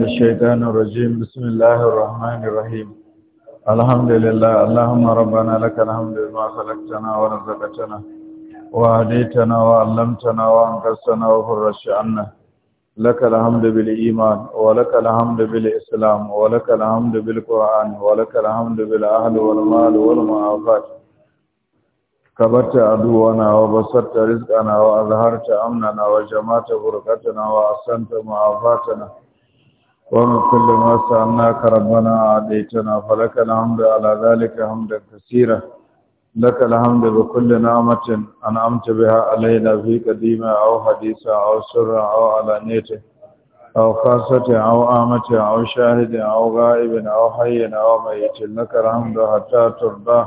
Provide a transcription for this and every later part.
الشيطان الرجيم بسم الله الرحمن الرحيم الحمد لله اللهم ربنا لك الحمد لما خلقتنا ورزقتنا وهديتنا وعلمتنا وانقذتنا وفرجت عنا لك الحمد بالإيمان ولك الحمد بالإسلام ولك الحمد بالقرآن ولك الحمد بالأهل والمال والمعافات كبرت عدونا وبسطت رزقنا وأظهرت أمننا وجمعت بركتنا وأحسنت معافاتنا ومن كل ما سألناك ربنا عديتنا فلك الحمد على ذلك حمد كثيرة لك الحمد بكل نعمة أنعمت بها علينا في قديمة أو حديثة أو سرة أو على علانية أو خاصة أو آمة أو شاهد أو غائب أو حي أو ميت لك الحمد حتى ترضى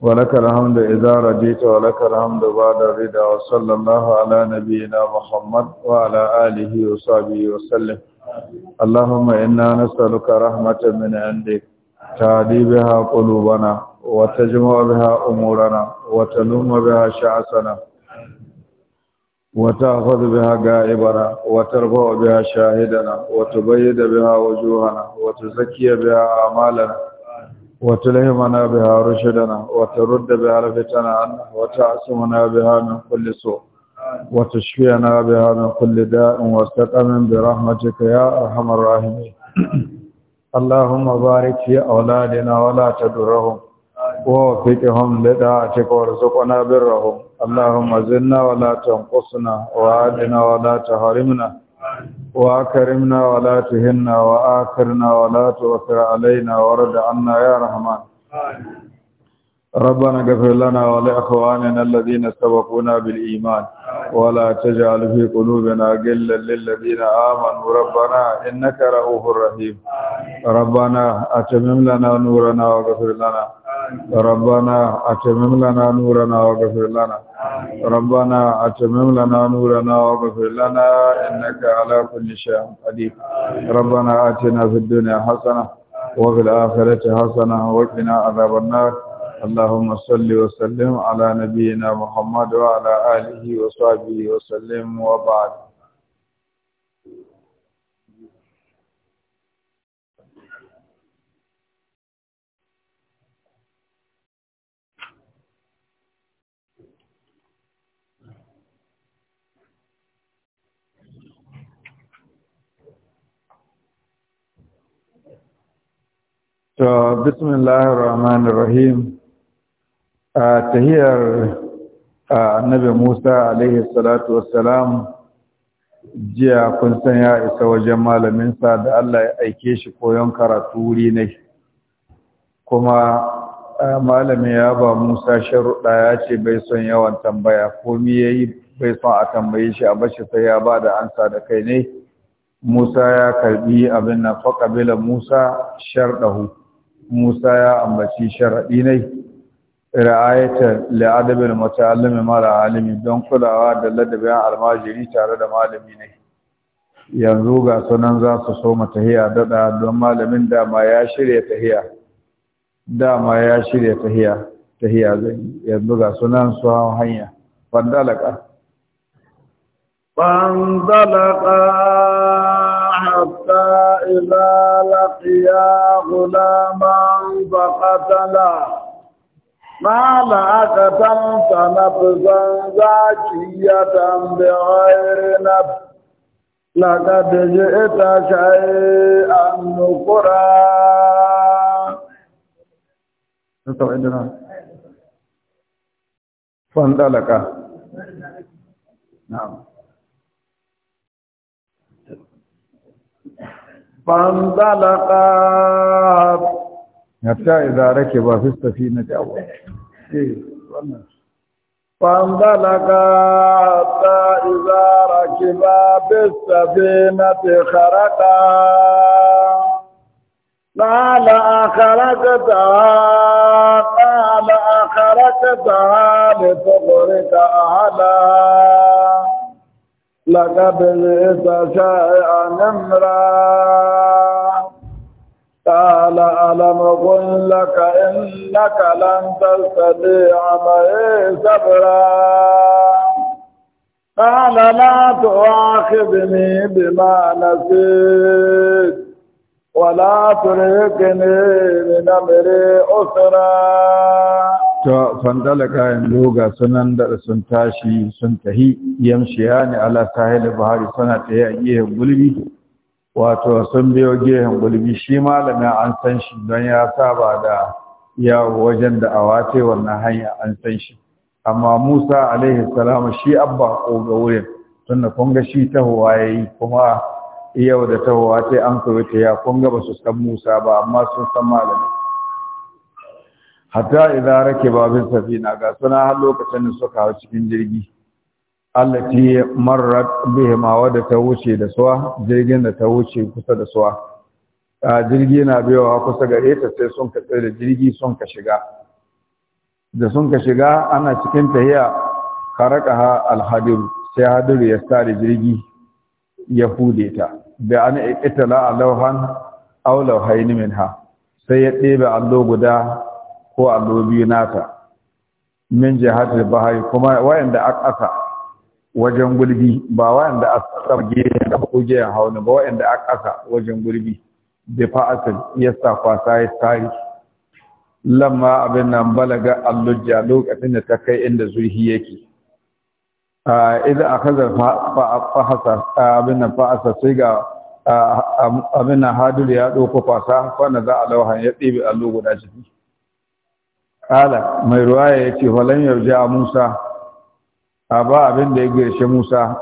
ولك الحمد إذا رجيت ولك الحمد بعد الرضا وصلى الله على نبينا محمد وعلى آله وصحبه وسلم اللهم إنا نسألك رحمة من عندك تعدي بها قلوبنا وتجمع بها أمورنا وتلوم بها شعسنا وتأخذ بها قائبنا وترفع بها شاهدنا وتبيد بها وجوهنا وتزكي بها أعمالنا وتلهمنا بها رشدنا وترد بها رفتنا عنه وتعصمنا بها من كل سوء وتشفينا بها من كل داء واستقم برحمتك يا أرحم الراحمين اللهم بارك في أولادنا ولا تدرهم ووفقهم لدعاتك وارزقنا برهم اللهم زلنا ولا تنقصنا وعادنا ولا تحرمنا وأكرمنا ولا تهنا وآكرنا ولا تؤثر علينا وارد عنا يا رحمن ربنا اغفر لنا ولإخواننا الذين سبقونا بالإيمان ولا تجعل في قلوبنا غلا للذين آمنوا ربنا إنك رؤوف رحيم ربنا أتمم لنا نورنا واغفر لنا ربنا أتمم لنا نورنا واغفر لنا ربنا أتمم لنا نورنا واغفر لنا إنك على كل شيء قدير ربنا آتنا في الدنيا حسنة وفي الآخرة حسنة وقنا عذاب النار اللهم صل وسلم على نبينا محمد وعلى آله وصحبه وسلم وبعد الرحمن الرحيم a tahiyar annabi Musa alaihi salatu wassalam jiya kun san ya isa wajen malaminsa da Allah ya aike shi koyon karatu wuri ne kuma malami ya ba Musa sharuɗa ya ce bai son yawan tambaya komi ya yi bai son a tambaye shi a bashi sai ya ba da ansa da kai ne Musa ya karbi abin na faƙabila Musa sharɗahu Musa ya ambaci sharaɗi ne ra'ayata al muta'allimi mara alimi don kulawa da ladabin almajiri tare da malami ne yanzu ga sunan za su so mu tahiya dada don malamin ma ya shirya tahiya ma ya shirya tahiya tahiya zai yanzu ga sunan su hanya fandalaka fandalaka حتى إذا لقيا غلاما فقتله ما لا قتلت نفسا زاكية بغير نفس لقد جئت شيئا نقرا لك نعم فانطلقا hatta idza rakiba fi safinati aw فانطلقا حتى إذا ركبا إيه، في السفينة خرقا قال أخرجتها قال أخرجتها لتغرق أهلا لقد جئت شيئا امرا Tala alamu kun in laka lantar sade a mare sabura. Tala lati wa ake ma na se. Wala ne ni na mere osara. To fantala ka yin loga sunan da sun tashi sun tahi yamshiya ne ala sahil buhari sana ta yi a iya gulbi. wato sun biyo gehen gulbi shi malamin an san shi don ya saba da yawo wajen da awace wannan hanya an san shi amma Musa alaihi salamu shi abba ko ga wurin tunda kun ga shi tahowa yayi kuma yau da tahowa ce an kawo ta ya kun ga ba su san Musa ba amma sun san malamin hatta idan rake babin safina ga suna har lokacin da suka hau cikin jirgi allati marrat bihima wadda ta wuce da suwa jirgin da ta wuce kusa da suwa jirgi na biyawa kusa gare ta sai sun ka tsaye da jirgi sun ka shiga da sun ka shiga ana cikin tahiya ha alhadiru sai Hadir ya tsare jirgi ya hude ta da an itala alauhan aw lauhaini minha sai ya ɗebe allo guda ko allo biyu nata min jihatul bahai kuma wayanda aka wajen gurbi, ba wanda a tsarge da kujiyan hauna ba wanda a ƙasa wajen gulbi da fa'atul ya sa kwasa ya tari lamma abin nan balaga allujja lokacin da ta kai inda zurhi yake idan a kazar fahasa abin nan sai ga abin nan da ya ɗauko kwasa, wanda za a lauhan ya ɗebe allo guda ciki ƙala mai ruwaya ya ce falon yarja musa a ba abin da ya girshe Musa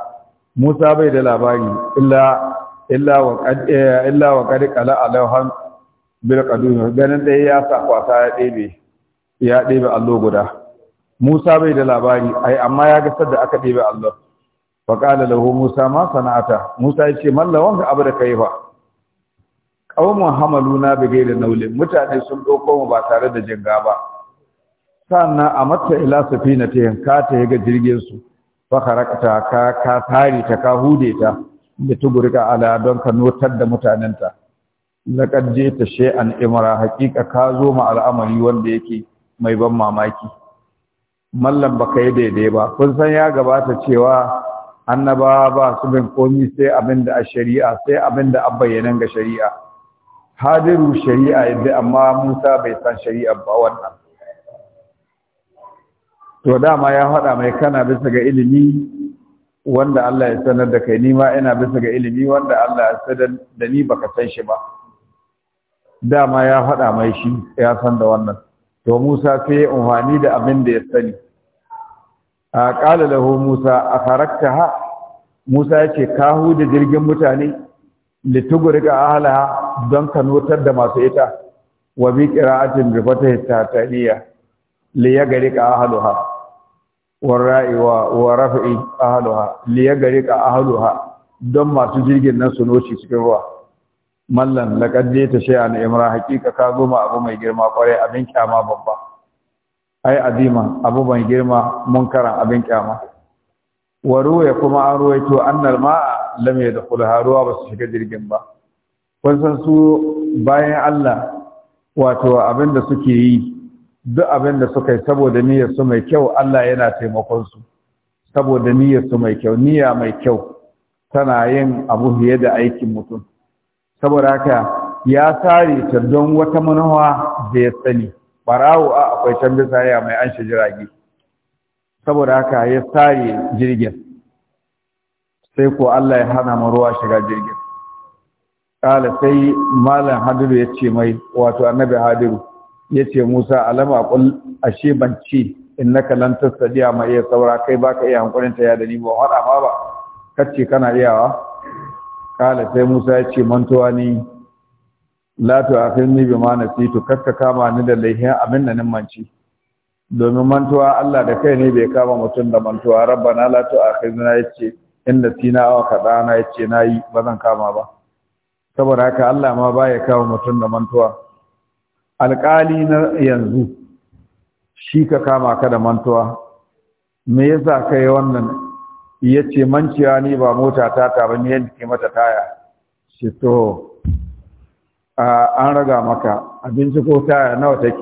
Musa bai da labari illa illa wa qad eh, illa wa qad qala alawhan bil qadun ganin dai ya sa kwasa ya ɗebe ya ɗebe allo guda Musa bai da labari ai amma ya gasar da aka ɗebe allo Wa qala lahu Musa ma sana'ata Musa ya ce mallawan ga abu da kai fa Muhammadu hamaluna bi da naulin mutane sun ɗauko mu ba tare da jinga ba sannan a matta ila na ta yanka ta ga jirgin su fa kharakta ka ka tari ta ka hude ta da tugurika ala don ka notar da mutanenta ta jita an imara hakika ka zo ma al'amari wanda yake mai ban mamaki Mallam ba ka yi daidai ba kun san ya gabata cewa annaba ba su bin komi sai abin da a shari'a sai abin da abbayyanan ga shari'a hadiru shari'a yadda amma musa bai san shari'a ba wannan to dama ya faɗa mai kana bisa ga ilimi wanda Allah ya sanar da kai ni ma ina bisa ga ilimi wanda Allah ya sanar da ni baka san shi ba dama ya faɗa mai shi ya san da wannan to Musa sai ya umfani da abin da ya sani a qala lahu Musa ha Musa ce ka huda jirgin mutane litugurika ahalaha don ka notar da masu ita wa bi qira'atin bi ta tataniya li ka ahaluha wa wa rafi'i ahaluha li ka don masu jirgin nan su noci cikin ruwa mallan laqad jita shay'an imra haqiqa ka goma abu mai girma kwarai abin kyama babba ai azima abu mai girma munkaran abin kyama wa ruwaya kuma an ruwaito annal ma'a lam yadkhul haruwa ba shiga jirgin ba kun san su bayan Allah wato abinda suke yi duk abin da suka yi saboda niyyar su mai kyau Allah yana taimakon su saboda niyyar su mai kyau niyya mai kyau tana yin abu fiye da aikin mutum saboda haka ya tare ta don wata manawa da ya sani barawo a akwai can bisa ya mai an shi jirage saboda haka ya tare jirgin sai ko Allah ya hana mu ruwa shiga jirgin kala sai malam hadiru ya ce mai wato annabi hadiru ya ce musa alama kul ashe ban ce innaka lan tastadiya ma iya saura kai baka iya hankulin ta ya da ni ba hada ba. ba kace kana iyawa kala sai musa ya ce mantuwa ni la tu akhirni bima nasitu kakka kama ni da laihi abin da nan manci domin mantuwa Allah da kai ne bai kama mutum da mantuwa rabbana la tu'akhizna yace inda sina wa kadana yace nayi bazan kama ba saboda haka Allah ma baya kama mutum da mantuwa alƙali na yanzu shi ka kama ka da mantuwa me yasa ka yi wannan ya ce manciya ni ba mota ta ta ba ni yadda ke mata taya shi to an raga maka abinci ko taya nawa take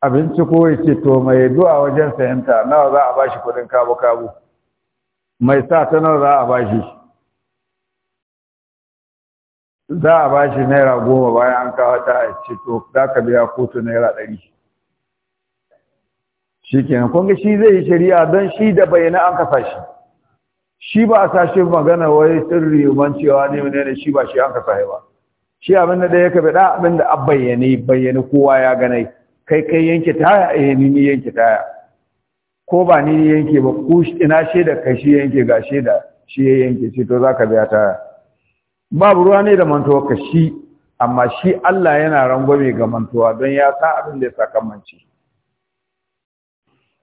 abinci ko ya ce to mai du'a wajen sayanta nawa za a bashi kudin kabu-kabu mai sa ta nawa za a bashi shi za a ba shi naira goma bayan an kawo ta a ce to za ka biya kotu naira ɗari shi kenan kun ga shi zai yi shari'a don shi da bayyana an kafa shi shi ba a sashe magana wai sirri man cewa ne ne shi ba shi an kafa ba shi abin da ɗaya ka faɗa abin da an bayyane bayyane kowa ya ganai kai kai yanke taya eh ni ni yanke taya ko ba ni ni yanke ba ku ina shaida kai shi yanke ga shaida shi ya yanke ce to za ka biya taya babu ruwa ne da mantuwa ka shi amma shi Allah yana rangwame ga mantuwa don ya sa abin da ya sakamanci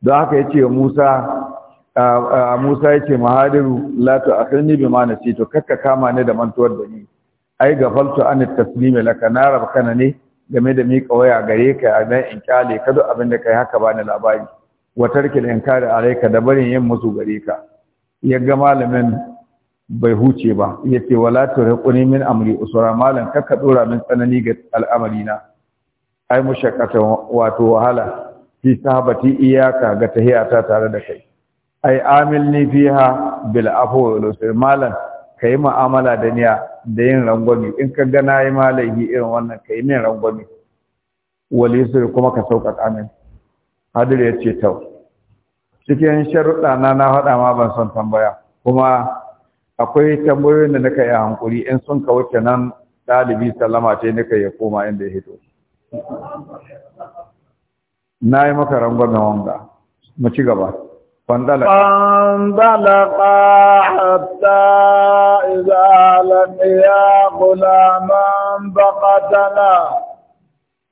don haka ya ce Musa Musa ya ce mahadiru nibi ma na bima to kakka kama ne da mantuwar da ni ai gafaltu an taslimi laka na rabkana ne game da mika waya gare ka A dan in kyale ka zo abin da kai haka bani labari wa tarkil inkari alayka da barin yin musu gare ka ya ga malamin bai huce ba ya ce wala turhiquni min amri usura malan ka dora min tsanani ga al'amari na ai mushaqqata wato wahala fi sahabati iyaka ga tahiyata tare da kai ai amilni fiha bil afu wal usur malan kai mu'amala da niya da yin rangwami in ka ga nayi malahi irin wannan kai min rangwami wal yusur kuma ka sauƙaƙa min hadir ya ce tau cikin sharuɗa na na faɗa ma ban son tambaya kuma akwai tambayoyin da naka yi hankuri in sun ka wuce nan ɗalibi sallama ce naka ya koma inda ya hito na yi maka na wanga, mu ci gaba فانطلقا فانطلقا حتى إذا لقيا غلاما فقتله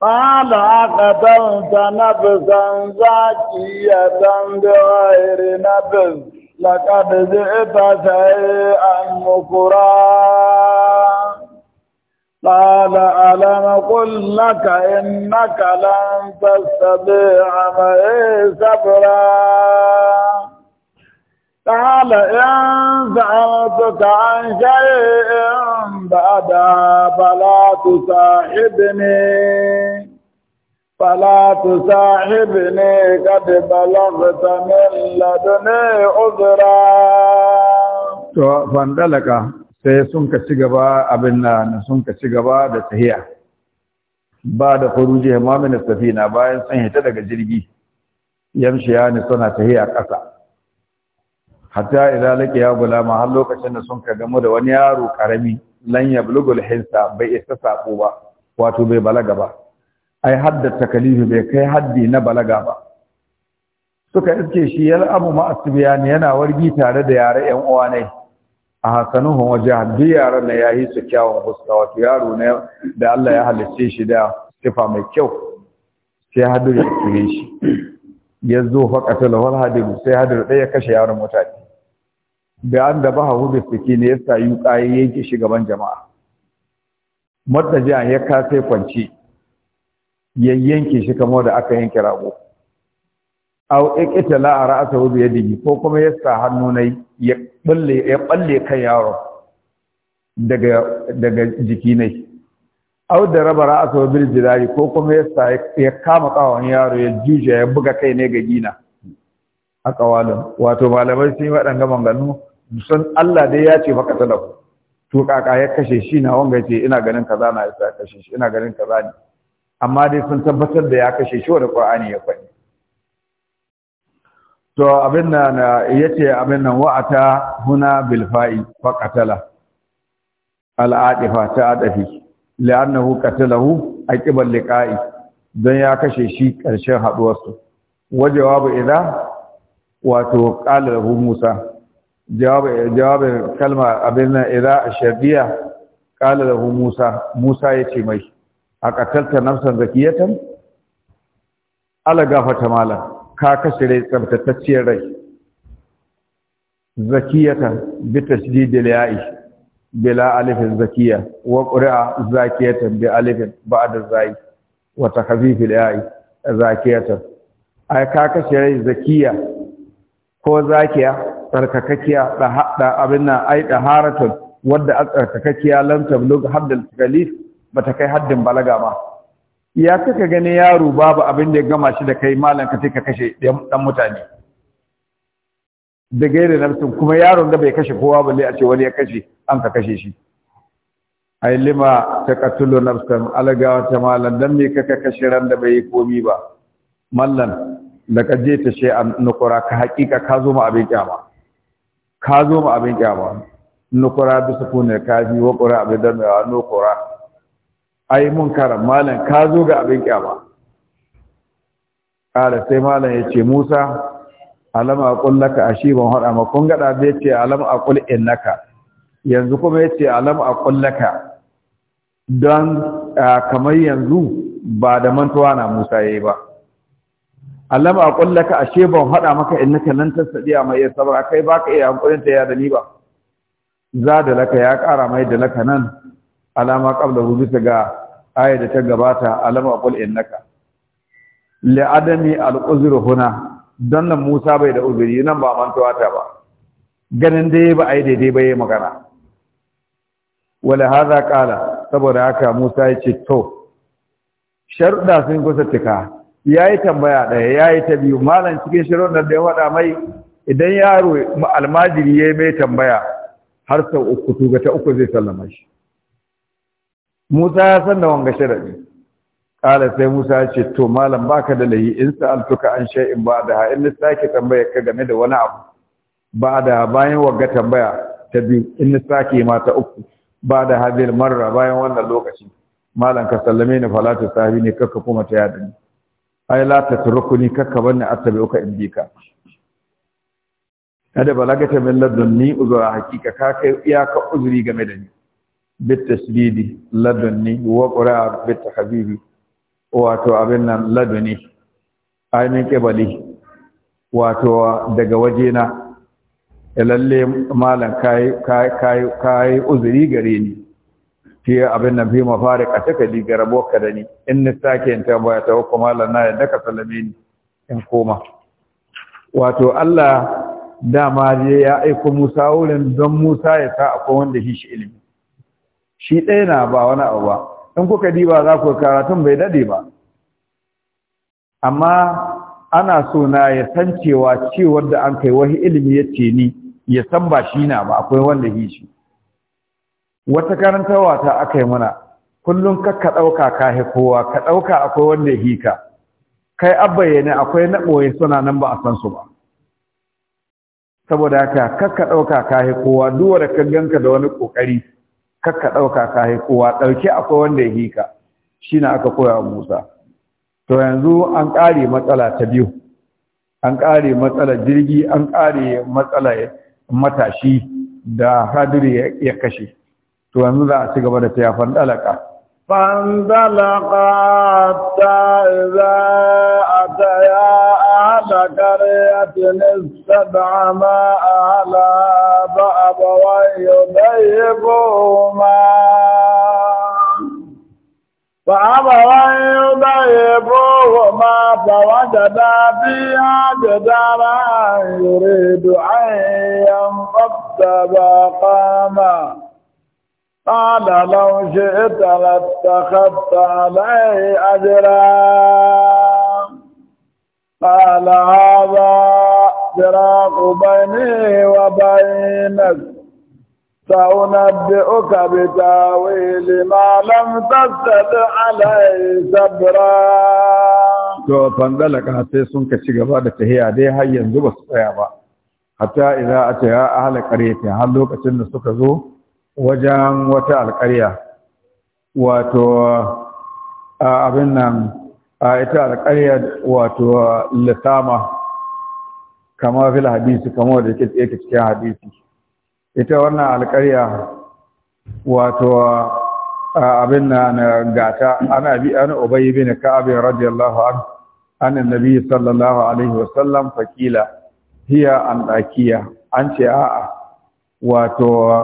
قال أقتلت نفسا زكية بغير نفس لقد جئت شيئا مكرا قال ألم قل لك إنك لن تستطيع معي صبرا قال إن سألتك عن شيء بعدها فلا تصاحبني فلا تصاحبني قد بلغت من لدني عذرا to fandalaka sai sun ka ci gaba abin na sun ka ci gaba da tahiya ba da khuruji imamin safina bayan sun hita daga jirgi yamshiya ne suna tahiya ƙasa hatta idan laki ya gulama har lokacin da sun ka gamu da wani yaro karami lanya yablugul hinsa bai isa saƙo ba wato bai balaga ba ai haddata takalifi bai kai haddi na balaga ba suka iske shi yal abu ne yana wargi tare da yare yan uwa ne a hasanuhum wa jahad duk yaran na yayi su kyawun fuska wato yaro ne da Allah ya halicce shi da sifa mai kyau sai hadir ya kire shi ya zo fa wal hadi sai hadir ɗaya ya kashe yaron mutane da an da baha da fiki ne ya sayu kai yanke shi gaban jama'a mutaji ya kasai kwanci yayyanke shi kamar da aka yanke rago aw la ra'sahu bi yadihi ko kuma ya sa hannu ya balle ya balle kan yaro daga daga jiki nai aw da raba ra'sahu bil jidari ko kuma ya sa ya kama kawon yaro ya juje ya buga kai ne ga gina a kawalin wato malamai sun yi waɗanga manganu sun Allah dai ya ce maka talaku to kaka ya kashe shi na wanga ce ina ganin kaza na ya kashe shi ina ganin kaza ne amma dai sun tabbatar da ya kashe shi wani ƙwa'ani ya faɗi to abin na nan yace abin nan wa'ata huna bilfa'i fa qatala al adifa ta adafi li'annahu a ƙibar liƙa'i don ya kashe shi ƙarshen haɗuwarsu. su wa jawabu wato qala hu Musa jawabin kalmar kalma abin nan a ashabiya qala hu Musa Musa ya ce mai a ƙatalta nafsan zakiyatan ala gafata mala ka kashe rai tsabtatacciyar rai zakiyatan bi tasdidil ya'i bila alifin zakiya wa qira'a zakiyatan bi alifin ba'da zai wa takhfifil ya'i zakiyatan ai ka kashe rai zakiya ko zakiya tsarkakakiya da abin abinna ai da haratun wadda a tsarkakakiya lam tablug haddal talif bata kai haddin balaga ba ya kuka gani yaro babu abin da ya gama shi da kai malam ka ka kashe dan mutane da na mutum kuma yaron da bai kashe kowa balle a ce wani ya kashe an ka kashe shi ai lima ta katulu nafsan alagawa ta malam dan me kaka kashe ran da bai yi komi ba mallan ta she a nukura ka hakika ka zo mu abin kyama ka zo mu abin kyama nukura bisa kunar kafi wa qura bi dami wa nukura ai mun munkaran malam ka zo ga abin kyama Kada sai malam ya ce musa alam aqul laka ashi ban hada ma kun gada zai ce alam aqul innaka yanzu kuma yace alam aqul laka dan kamar yanzu ba da mantuwa na Musa yayi ba alam aqul laka ashe ban hada maka innaka lan tasdiya mai ya sabra kai baka iya hankulin ta ya dani ni ba za da laka ya kara mai da laka nan alama qablahu bisa ga aya da ta gabata alama qul innaka li adami al uzru huna dan nan Musa bai da uzuri nan ba man tawata ba ganin dai ba ai daidai ba yayi magana wala hadha qala saboda haka Musa ya ce to sharuda sun kusa tika yayi tambaya daya yayi ta biyu malam cikin sharuɗan da ya wada mai idan yaro almajiri yayi mai tambaya har sau uku tuga ta uku zai sallama shi Musa ya san da wanga sharadi kala sai Musa ya ce to malam baka da layi in sa'altuka an shay'in ba da in sake tambaya ka game da wani abu ba bayan wanga tambaya ta biyu in sake ma ta uku ba da hadil marra bayan wannan lokaci malam ka sallame ni falatu sahibi ne kakka kuma ta yadda ni ai la tatrukuni kakka banni attabi'uka in bika kada balagata min ladunni uzura hakika ka kai iyaka uzuri game da ni bitasdidi ladunni wa qura'a bitahbibi wato abin nan laduni ainihin kebali wato daga na? lalle malam kayi uzuri gare ni fiye abin nan fi mafari ka taka ligarabo ka da ni in ni sake yin tambaya ta hukun na yadda ka salame in koma wato Allah dama ya aiko Musa wurin don Musa ya sa akwai wanda shi shi ilimi shi ɗaya na ba wani abu ba in kuka diba za ku karatun bai dade ba amma ana so na ya san cewa cewar da an kai wani ilimi ya ce ni ya san ba shi na ba akwai wanda yi shi wata karantarwa ta aka yi mana kullum ka ka ɗauka ka kowa ka ɗauka akwai wanda yi ka kai abbayyane akwai na ɓoye suna nan ba a san su ba saboda haka kakka ɗauka ka kowa duwar ka ganka da wani ƙoƙari kakka ɗauka ka kowa ɗauke akwai wanda ya hika shi na aka koya musa to yanzu an ƙare matsala ta biyu an ƙare matsalar jirgi an ƙare matsalar matashi da hadiri ya kashe to yanzu za a ci gaba da tayafan dalaka فانطلقا حتى إذا أتيا قرية السبع ما أهلها فأبوا يضيفوهما فأبوا يضيبهما فوجدا فيها جدارا يريد أن ينقض بقاما قال لو شئت لاتخذت عليه أجرا قال هذا فراق بيني وبينك سأنبئك بتاويل ما لم تستطع عليه صبرا to fandalaka sai sun ka ci gaba da tahiya dai har yanzu ba su tsaya ba hatta a ata ya ahla qaryati har lokacin da suka zo wajen wata alƙarya wato abin nan a ita alƙarya wato lissama kama fil hadisi kama da yake tsaye cikin hadisi ita wannan alƙarya wato abin na gata ana bi an ubayi bin ka'ab radiyallahu an an annabi sallallahu alaihi wasallam fakila hiya an dakiya an ce a'a wato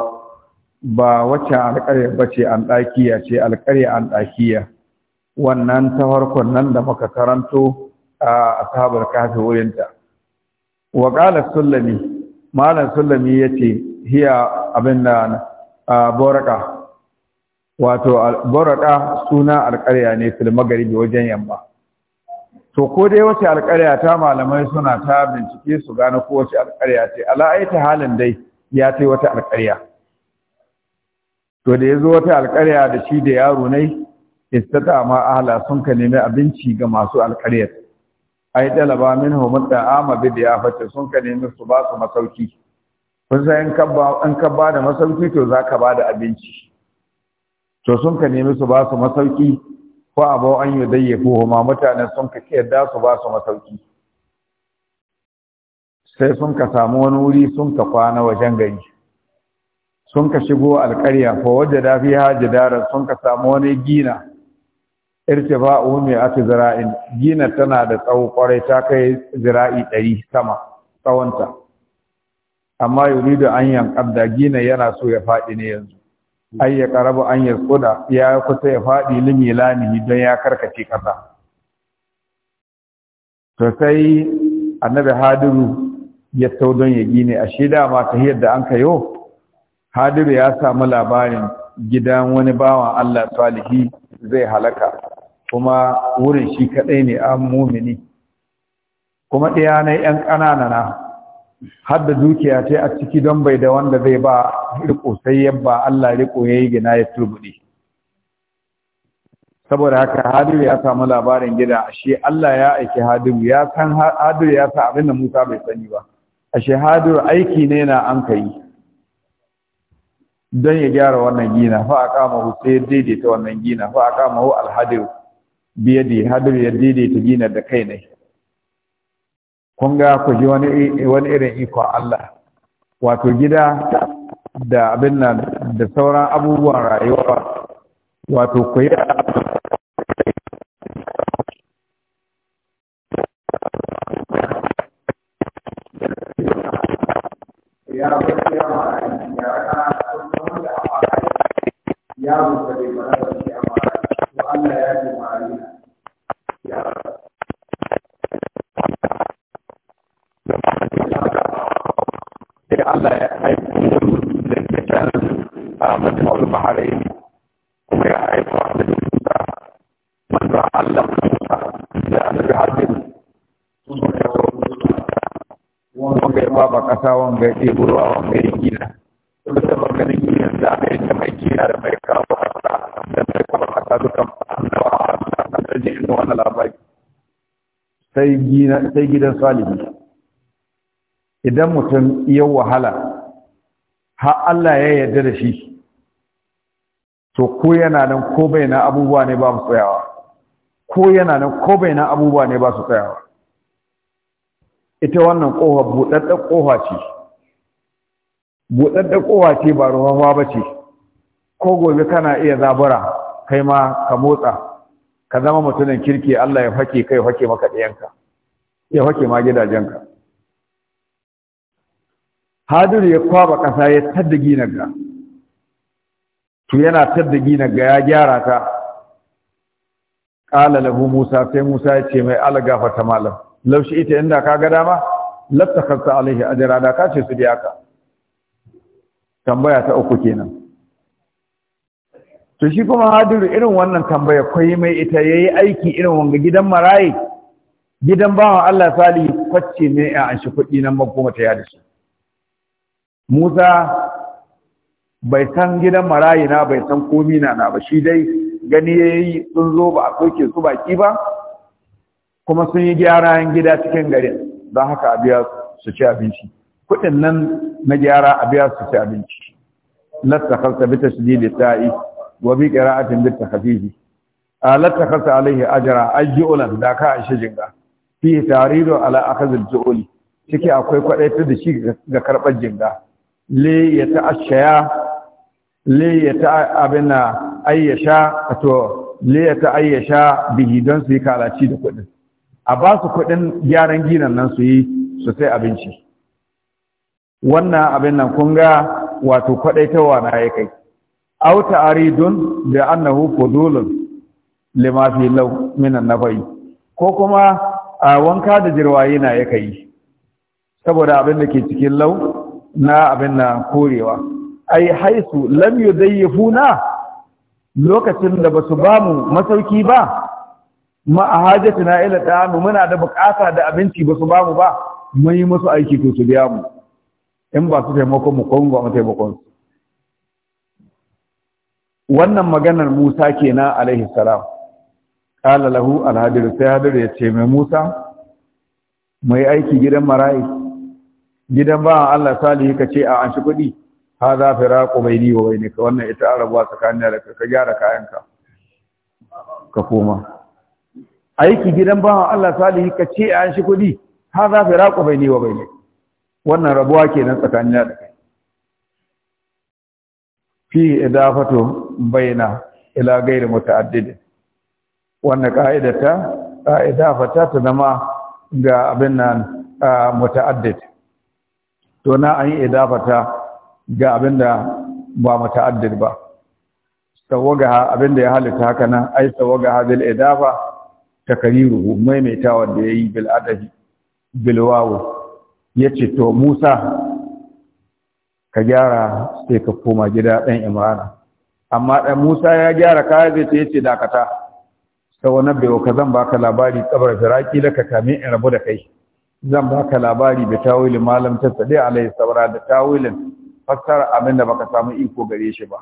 ba wacce alƙarya bace an dakiya ce alƙarya an dakiya wannan ta farkon nan da muka karanto a ashabar kafi wurinta wa qala sallami malam sallami yace hiya abinda boraka wato boraka suna alƙarya ne fil magharibi wajen yamma to ko dai wace alƙarya ta malamai suna ta bincike su gane ko wace alƙarya ce ala aita halin dai ya ta wata alƙarya to da yazo wata alƙarya da shi da yaro ne istata ma ahla sun ka nemi abinci ga masu alƙaryar ai dalaba min hu da ama bi da ya sun ka nemi su ba su masauki kun sai in ka ba da masauki to za ka ba da abinci to sun ka nemi su ba su masauki ko abo an yi dayyafu ma mutanen sun ka yadda su ba su masauki sai sun ka samu wani wuri sun ka kwana wajen gari sun ka shigo alƙarya ko wajen da fi haji sun ka samu wani gina irtifa'u mai ati zira'in gina tana da tsawo kwarai ta kai zira'i ɗari sama tsawonta amma yuridu an yankar da gina yana so ya faɗi ne yanzu ai ya karabu an ya tsoda ya kusa ya faɗi limilanihi don ya karkace ƙasa to sai annabi hadiru ya tau don ya gine a shi dama ta yadda an kayo hadiru ya samu labarin gidan wani bawan Allah salihi zai halaka kuma wurin shi kaɗai ne an mumini kuma ɗaya na ‘yan ƙanana na har dukiya ce a ciki don bai da wanda zai ba riko sai yabba Allah riko ya yi gina ya turbuɗe saboda haka hadiru ya samu labarin gida ashe Allah ya aiki hadiru ya san hadiru ya sa abin da Musa bai sani ba ashe hadiru aiki ne na an kai don ya gyara wannan gina fa aqama hu sai daidaita wannan gina fa aqama hu alhadiru biyadi hadir ya ta gina da kai ne kun ga ku ji wani wani irin ikon Allah wato gida da abin nan da sauran abubuwan rayuwa wato ku yi ga ɗeburwa wa mai gina duka maganin yin da mai da mai gina da mai kawo haka da mai kawo haka duka annawa haka da ta jini wani labari sai gidan Salihu. idan mutum ya wahala har Allah ya yarda da shi to ko yana nan ko bai na abubuwa ne ba su tsayawa ko yana nan ko bai na abubuwa ne ba su tsayawa ita wannan ƙofa buɗaɗɗen ƙofa ce buɗaɗɗa kowa ce ba ruwa ba ce ko gobe kana iya zabura kai ma ka motsa ka zama mutumin kirki Allah ya fake kai fake maka ɗayanka ya fake ma gidajenka hadiru ya kwaba ƙasa ya tadda ga to yana tadda ga ya gyara ta ƙala lahu musa sai musa ya ce mai algafa ta malam laushi ita inda ka ga dama latta kansa alaihi ajira da ka ce su da yaka tambaya ta uku kenan to shi kuma hadiru irin wannan tambaya kwai mai ita yayi aiki irin wanga gidan marayi gidan bawan Allah sali kwacce ne a an shi kuɗi nan makoma ta yadda su Musa bai san gidan marayi na bai san komi na na ba shi dai gani yayi sun zo ba a soke su baki ba kuma sun yi gyara gida cikin garin don haka a biya su ci abinci kuɗin nan na gyara a biya su ci abinci lattakhalta bi tashdidi ta'i wa bi qira'atin bi takhfifi lattakhalta Alayhi ajra ajjulan da ka ashe jinga fi taridu ala akhadh al-ju'ul ciki akwai ta da shi ga karbar jinga le ya ta'ashaya le ya ta'abina ayyasha to le ya ta'ayyasha bihi don su yi kalaci da kuɗin a ba su kuɗin gyaran ginan nan su yi su sai abinci wannan abin nan kun ga wato kwadaitawa na ya kai aw ta'ridun bi annahu fudulun lima fi law min an ko kuma a wanka da jirwaye na ya kai saboda abin da ke cikin law na abin na korewa ai haisu lam yudayyifuna lokacin da basu bamu masauki ba ma a hajjata na ila ta'amu muna da bukata da abinci basu bamu ba mun yi musu aiki to su biya mu in ba su taimakon mu kuma ba mu taimakon su wannan maganar Musa na alaihi salam qala lahu alhadir hadir sai hadir ya ce mai Musa mai aiki gidan mara'i gidan ba Allah salihi ka ce a an shi kuɗi hadha firaqu baini wa ka wannan ita arabuwa tsakanin da ka gyara kayanka ka koma aiki gidan ba Allah salihi ka ce an shi kuɗi ha za fi raƙo bai wa ne wannan rabuwa kenan tsakanin da kai fi idafatu baina ila ghairi mutaaddid wannan ka'idata idafata ta zama ga abin nan mutaaddid to na an yi idafata ga abin da ba mutaaddid ba tawaga abin da ya halitta haka nan ai tawaga hadil idafa takriruhu maimaitawa da yayi bil adabi bil wawu ya ce to musa ka gyara sai ka koma gida ɗan imrana amma ɗan musa ya gyara kaya zai ce ya ce dakata sau na bai ka zan baka labari tsabar firaki da ka kame in rabu da kai zan baka labari da tawilin malam dai alayhi saura da tawilin fassara abin da baka samu iko gare shi ba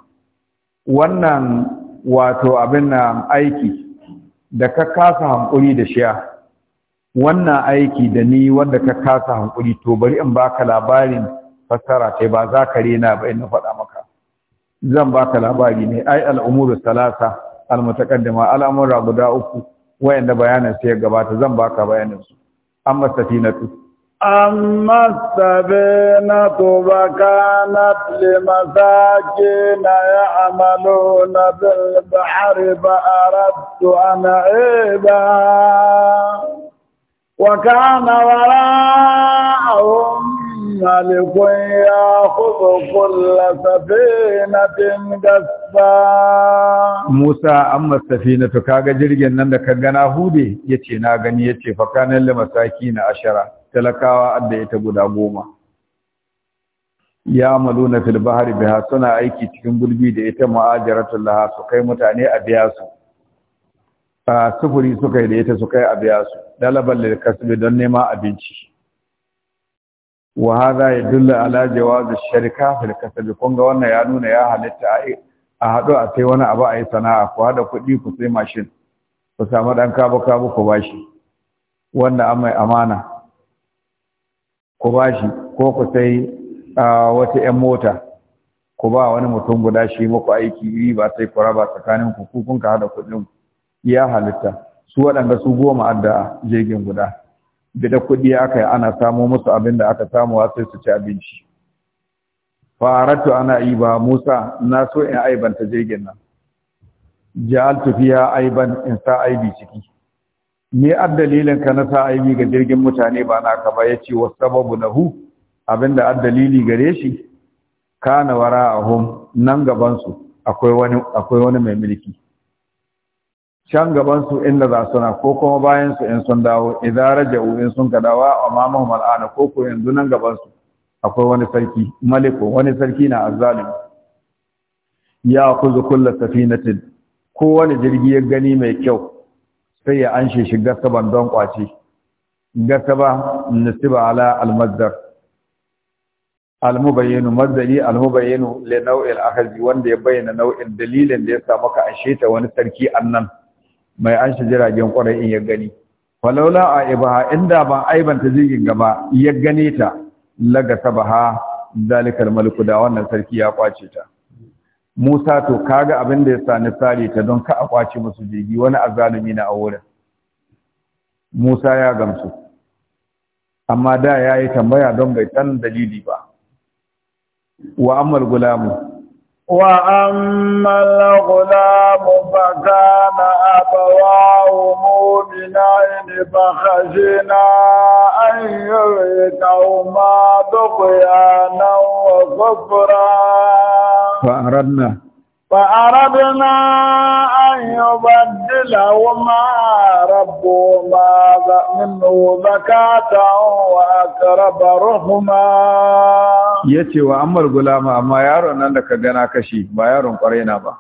wannan wato abin na aiki da ka kasa hankuri da shiya wannan aiki da ni wanda ka kasa hankuri to bari in baka labarin fassara ta ba za ka rena ba in faɗa maka zan baka labari ne ai al'umuru salasa almutaqaddima al'amura guda uku wayanda bayanan sai gabata zan baka bayanin su amma safinatu ya amalo na bil يعملون ba aradtu أن أعيبها وكان وراءهم ملك ياخذ كل سفينة غصبا موسى أما السفينة كاغا jirgin nan da ka gana hude yace na gani yace fakanan kanan la masakin ashara talakawa adda ita guda goma ya maluna fil bahri biha suna aiki cikin gulbi da ita mu'ajaratul laha su kai mutane a biya su sufuri suka yi da ita suka yi a biya su dalabar lilkasbi don nema abinci wa ya dulla ala jawazi sharika fil kun ga wannan ya nuna ya halitta a haɗu a sai wani abu a yi sana'a ku haɗa kuɗi ku sai mashin ku samu ɗan kabu kabu ku bashi wanda an mai amana ku bashi ko ku sai wata 'yan mota ku ba wani mutum guda shi muku aiki ba sai ku raba tsakanin ku kun ka haɗa kuɗin ku ya halitta su waɗanda su goma adda jirgin guda bida kuɗi aka yi ana samo musu abin da aka samuwa sai su ci abinci faratu ana yi ba musa na so in aibanta jirgin nan ja'al fiya aiban in sa aibi ciki me addalilin ka na sa aibi ga jirgin mutane ba na ka ba ce wasu sababu na hu? Abin abinda addalili gare shi kana hum nan gabansu nan akwai akwai wani mai mulki can gaban su inda za suna ko kuma bayan su in sun dawo idan raja'u in sun ka dawa a mamahu ana ko ko yanzu nan gaban su akwai wani sarki maliku wani sarki na azzalim ya kuzu kullu safinatin ko wani jirgi ya gani mai kyau sai ya anshe shi gasaban don kwace gasaba nasiba ala almazdar almubayyinu madali almubayyinu li nau'il akhzi wanda ya bayyana nau'in dalilin da ya sa maka anshe ta wani sarki annan mai an shi jiragen kwarai in ya gani falaula a ibaha inda ban aibanta jirgin gaba ya gane ta laga sabaha dalikar maliku da wannan sarki ya kwace ta musa to kaga abin da ya sani sare ta don ka a kwace musu jirgi wani azalumi na a wurin musa ya gamsu amma da ya yi tambaya don bai san dalili ba wa amal gulamu وأما الغلام فكان أبواه مؤمنين فخشينا أن يريدهما طغيانا وكفرا فأردنا فأردنا أن يبدلهما ربهما منه زكاة وأقرب رحما yace wa ammar gulama amma yaron nan da ka gana kashi ba yaron kwarai na ba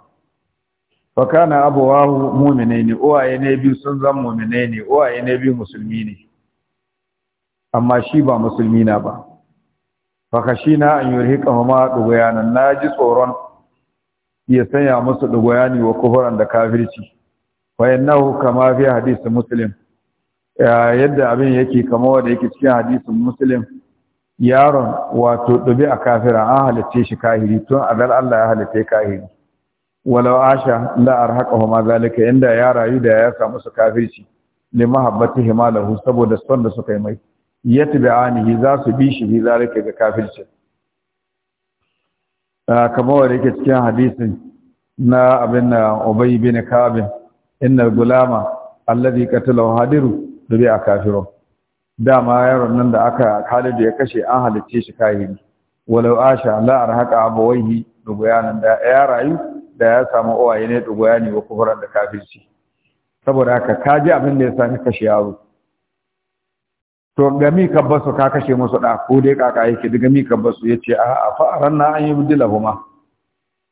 fa kana abawahu mu'minaini uwaye ne biyu sun zan mu'minaini uwaye ne biyu musulmi ne amma shi ba musulmi na ba fa kashina an yurhiqahuma dughyanan naji tsoron ya sanya musu bayani wa kufuran da kafirci fa innahu kama fi hadith muslim yadda abin yake kama wanda yake cikin hadisin muslim yaron wato dubi a kafira an halitta shi kahiri tun a dal Allah ya halitta kahiri walau asha la arhaqahu ma zalika inda ya rayu da ya samu su kafirci ne mahabbati himalahu saboda son da suka yi mai yatba'anihi za su bi shi zalika ga kafircin Ah, kamar wanda yake cikin hadisin na abin na Ubay bin Ka'ab innal gulama alladhi katala hadiru dubi a kafiro. dama yaron nan da aka halidu ya kashe an halicce shi kahiri walau asha la arhaqa abawaihi dubuyanan da ya rayu da ya samu uwaye ne dubuyani wa kufran da kafirci saboda haka kaji abin da ya sani kashe yaro to gami kabbasu ka kashe musu da ko dai kaka yake daga mi kabbasu yace a a fa ranna an yubdilahuma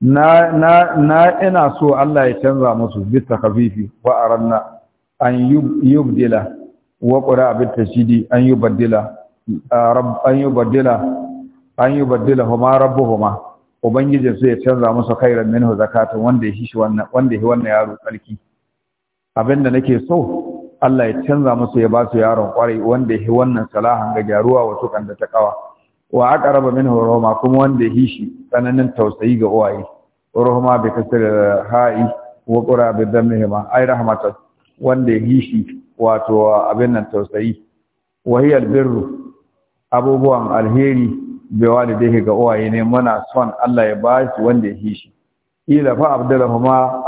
na na na ina so Allah ya canza musu bi khafifi wa aranna an yubdila wa qura bi tashidi an yubdila rabb an yubdila an huma rabbuhuma ubangijin sai ya canza musu khairan minhu zakatun wanda ya shi wannan wanda ya wannan yaro tsarki abinda nake so Allah ya canza musu ya ba su yaron kwarai wanda ya wannan salahan ga gyaruwa wa tukan da ta kawa wa aqraba minhu rahma kuma wanda ya shi tsananin tausayi ga uwaye rahma bi kasr ha'i wa qura bi dhammihima ay rahmatan wanda ya shi? wato abin nan tausayi wa hiya albirru abubuwan alheri bai walidai ga uwaye ne muna son Allah ya ba shi wanda ya hishi ila fa abdalahuma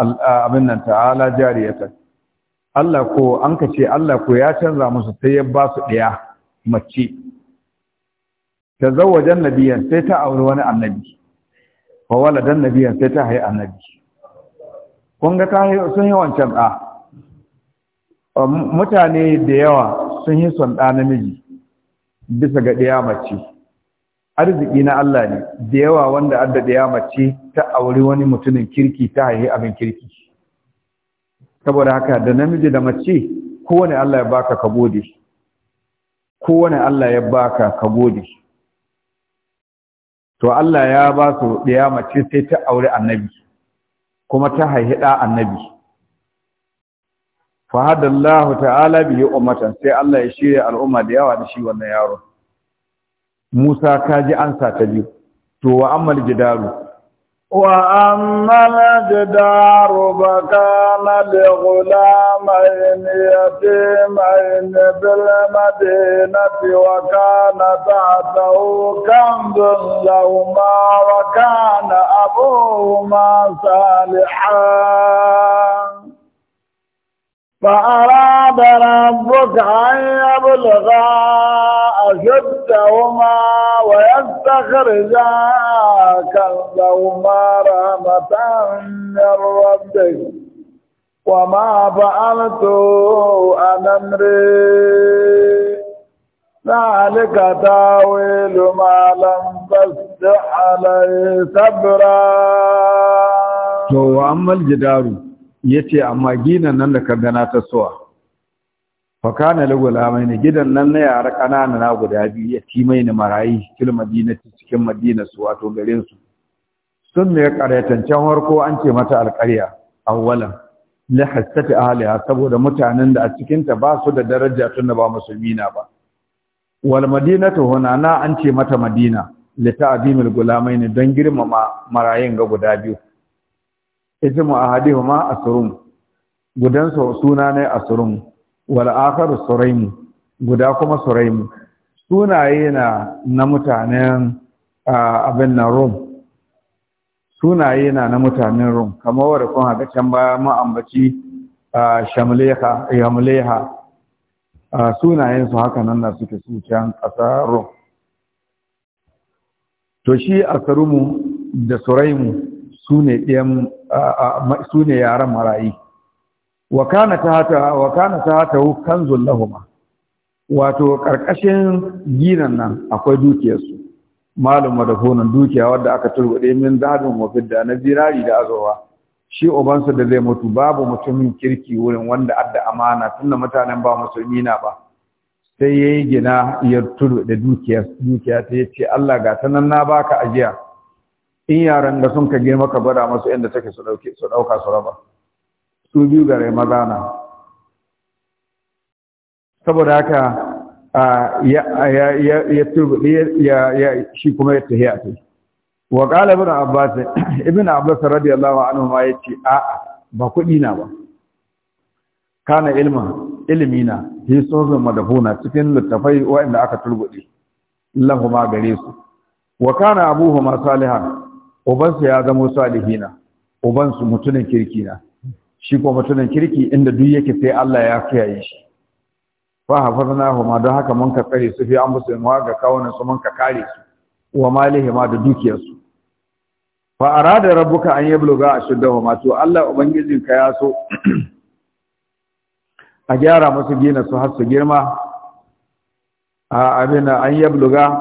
abin nan ta'ala jariyatan Allah ko an ka ce Allah ko ya canza musu sai ya ba su ɗaya mace ta zawajen nabiyan sai ta auri wani annabi wa waladan nabiyan sai ta haihi annabi kun ga ta sun yi wancan ɗa um, mutane da yawa sun yi son ɗa namiji bisa ga ɗaya mace arziki na Allah ne da yawa wanda adda ɗaya mace ta auri wani mutumin kirki ta haihi abin kirki saboda haka da namiji da mace kowane Allah ya baka ka gode kowane Allah ya baka ka gode to Allah ya ba su daya mace sai ta aure annabi kuma ta haihiɗa annabi fa hadallahu ta'ala bi ummatan sai Allah ya shirya al'umma da yawa da shi wannan yaro Musa kaji ansa ta biyu to wa ammal jidaru وأما الجدار فكان لغلامين يتيمين بالمدينة وكان تحته كنز لهما وكان أبوهما صالحا فأراد ربك أن يبلغا أشدهما ويستخرجا كلهما رحمة من ربك وما فعلت عن أمري ذلك تاويل ما لم تستح عليه صبرا. هو أما الجدار yace amma ginan nan da kangana ta suwa fa kana ne gidan nan na yara kanana na guda biyu ya yatimai ne marayi fil madinati cikin madina su wato garin su sun ne can harko an ce mata alƙarya awwalan la hasati ahliha saboda mutanen da a cikin ta ba su da daraja tunda ba musulmi na ba wal madinatu huna na an ce mata madina li ta'dimil gulamaini don girmama marayin ga guda biyu ismu ahadihuma asrum gudan suna ne asrum wal akhar suraimu guda kuma suraimu sunaye na na mutanen abin na rum sunaye na na mutanen rum kamar wanda kun haka can baya ambaci shamleha yamleha sunayen su haka nan na suke su can ƙasa to shi a da suraimu su ne yaren marayi wa kana tahata wa kana wato karkashin ginan nan akwai dukiyarsu malum madafunan dukiya wadda aka turbude min zadin wa fidda na zirari da azowa shi ubansa da zai mutu babu mutumin kirki wurin wanda adda amana tunda mutanen ba musulmi na ba sai yayi gina ya turbude dukiya. dukiya ta yace Allah ga tanan na baka ajiya in yaran da sun ka maka bada masu inda take su dauke su dauka su raba su biyu gare maza na saboda haka ya ya ya ya ya shi kuma ya tahiya ta wa qala ibn abbas ibn abbas radiyallahu anhu ma yace a ba kudi na ba kana ilma ilmina hisozo madafuna cikin littafai wa'anda aka turbude lahuma gare su wa kana abuhuma salihan ubansu ya zama salihina ubansu mutunan kirki na shi ko mutunan kirki inda duk yake sai Allah ya kiyaye shi fa hafazna huma don haka mun ka tsare su fi an musu ma ga kawunan su mun ka kare su wa malihi ma da dukiyar su fa arada rabbuka an yabluga ashuddahu ma to Allah ubangijin ka ya so a gyara musu gina su har su girma a abin an yabluga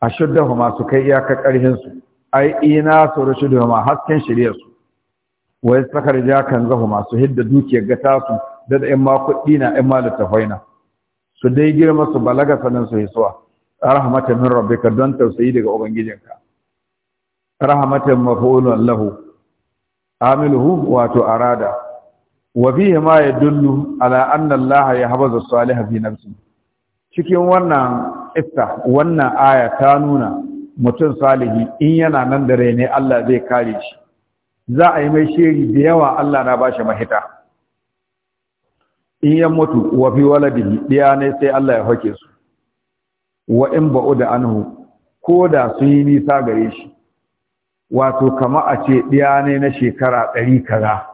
ashuddahu ma su kai iyakar karhin su ai ina su rushe ma hasken shirya su wai sakar ja kan zahu masu hidda dukiyar ga tasu da da ƴan na ƴan malittafai na su dai girma su balaga sanin su hisuwa rahmatan min rabbika don tausayi daga ubangijinka rahmatan mafulun lahu amiluhu wato arada wa fihi ma yadullu ala anna allaha yahfazu salihah fi nafsihi cikin wannan ifta wannan aya ta nuna mutum salihi in yana nan da rai ne Allah zai kare shi za a yi mai shiri da yawa Allah na bashi mahita in ya mutu wa fi waladihi ɗaya ne sai Allah ya hoke su wa in ba'u da anhu ko da sun yi nisa gare shi wato kama a ce ɗaya ne na shekara ɗari kaza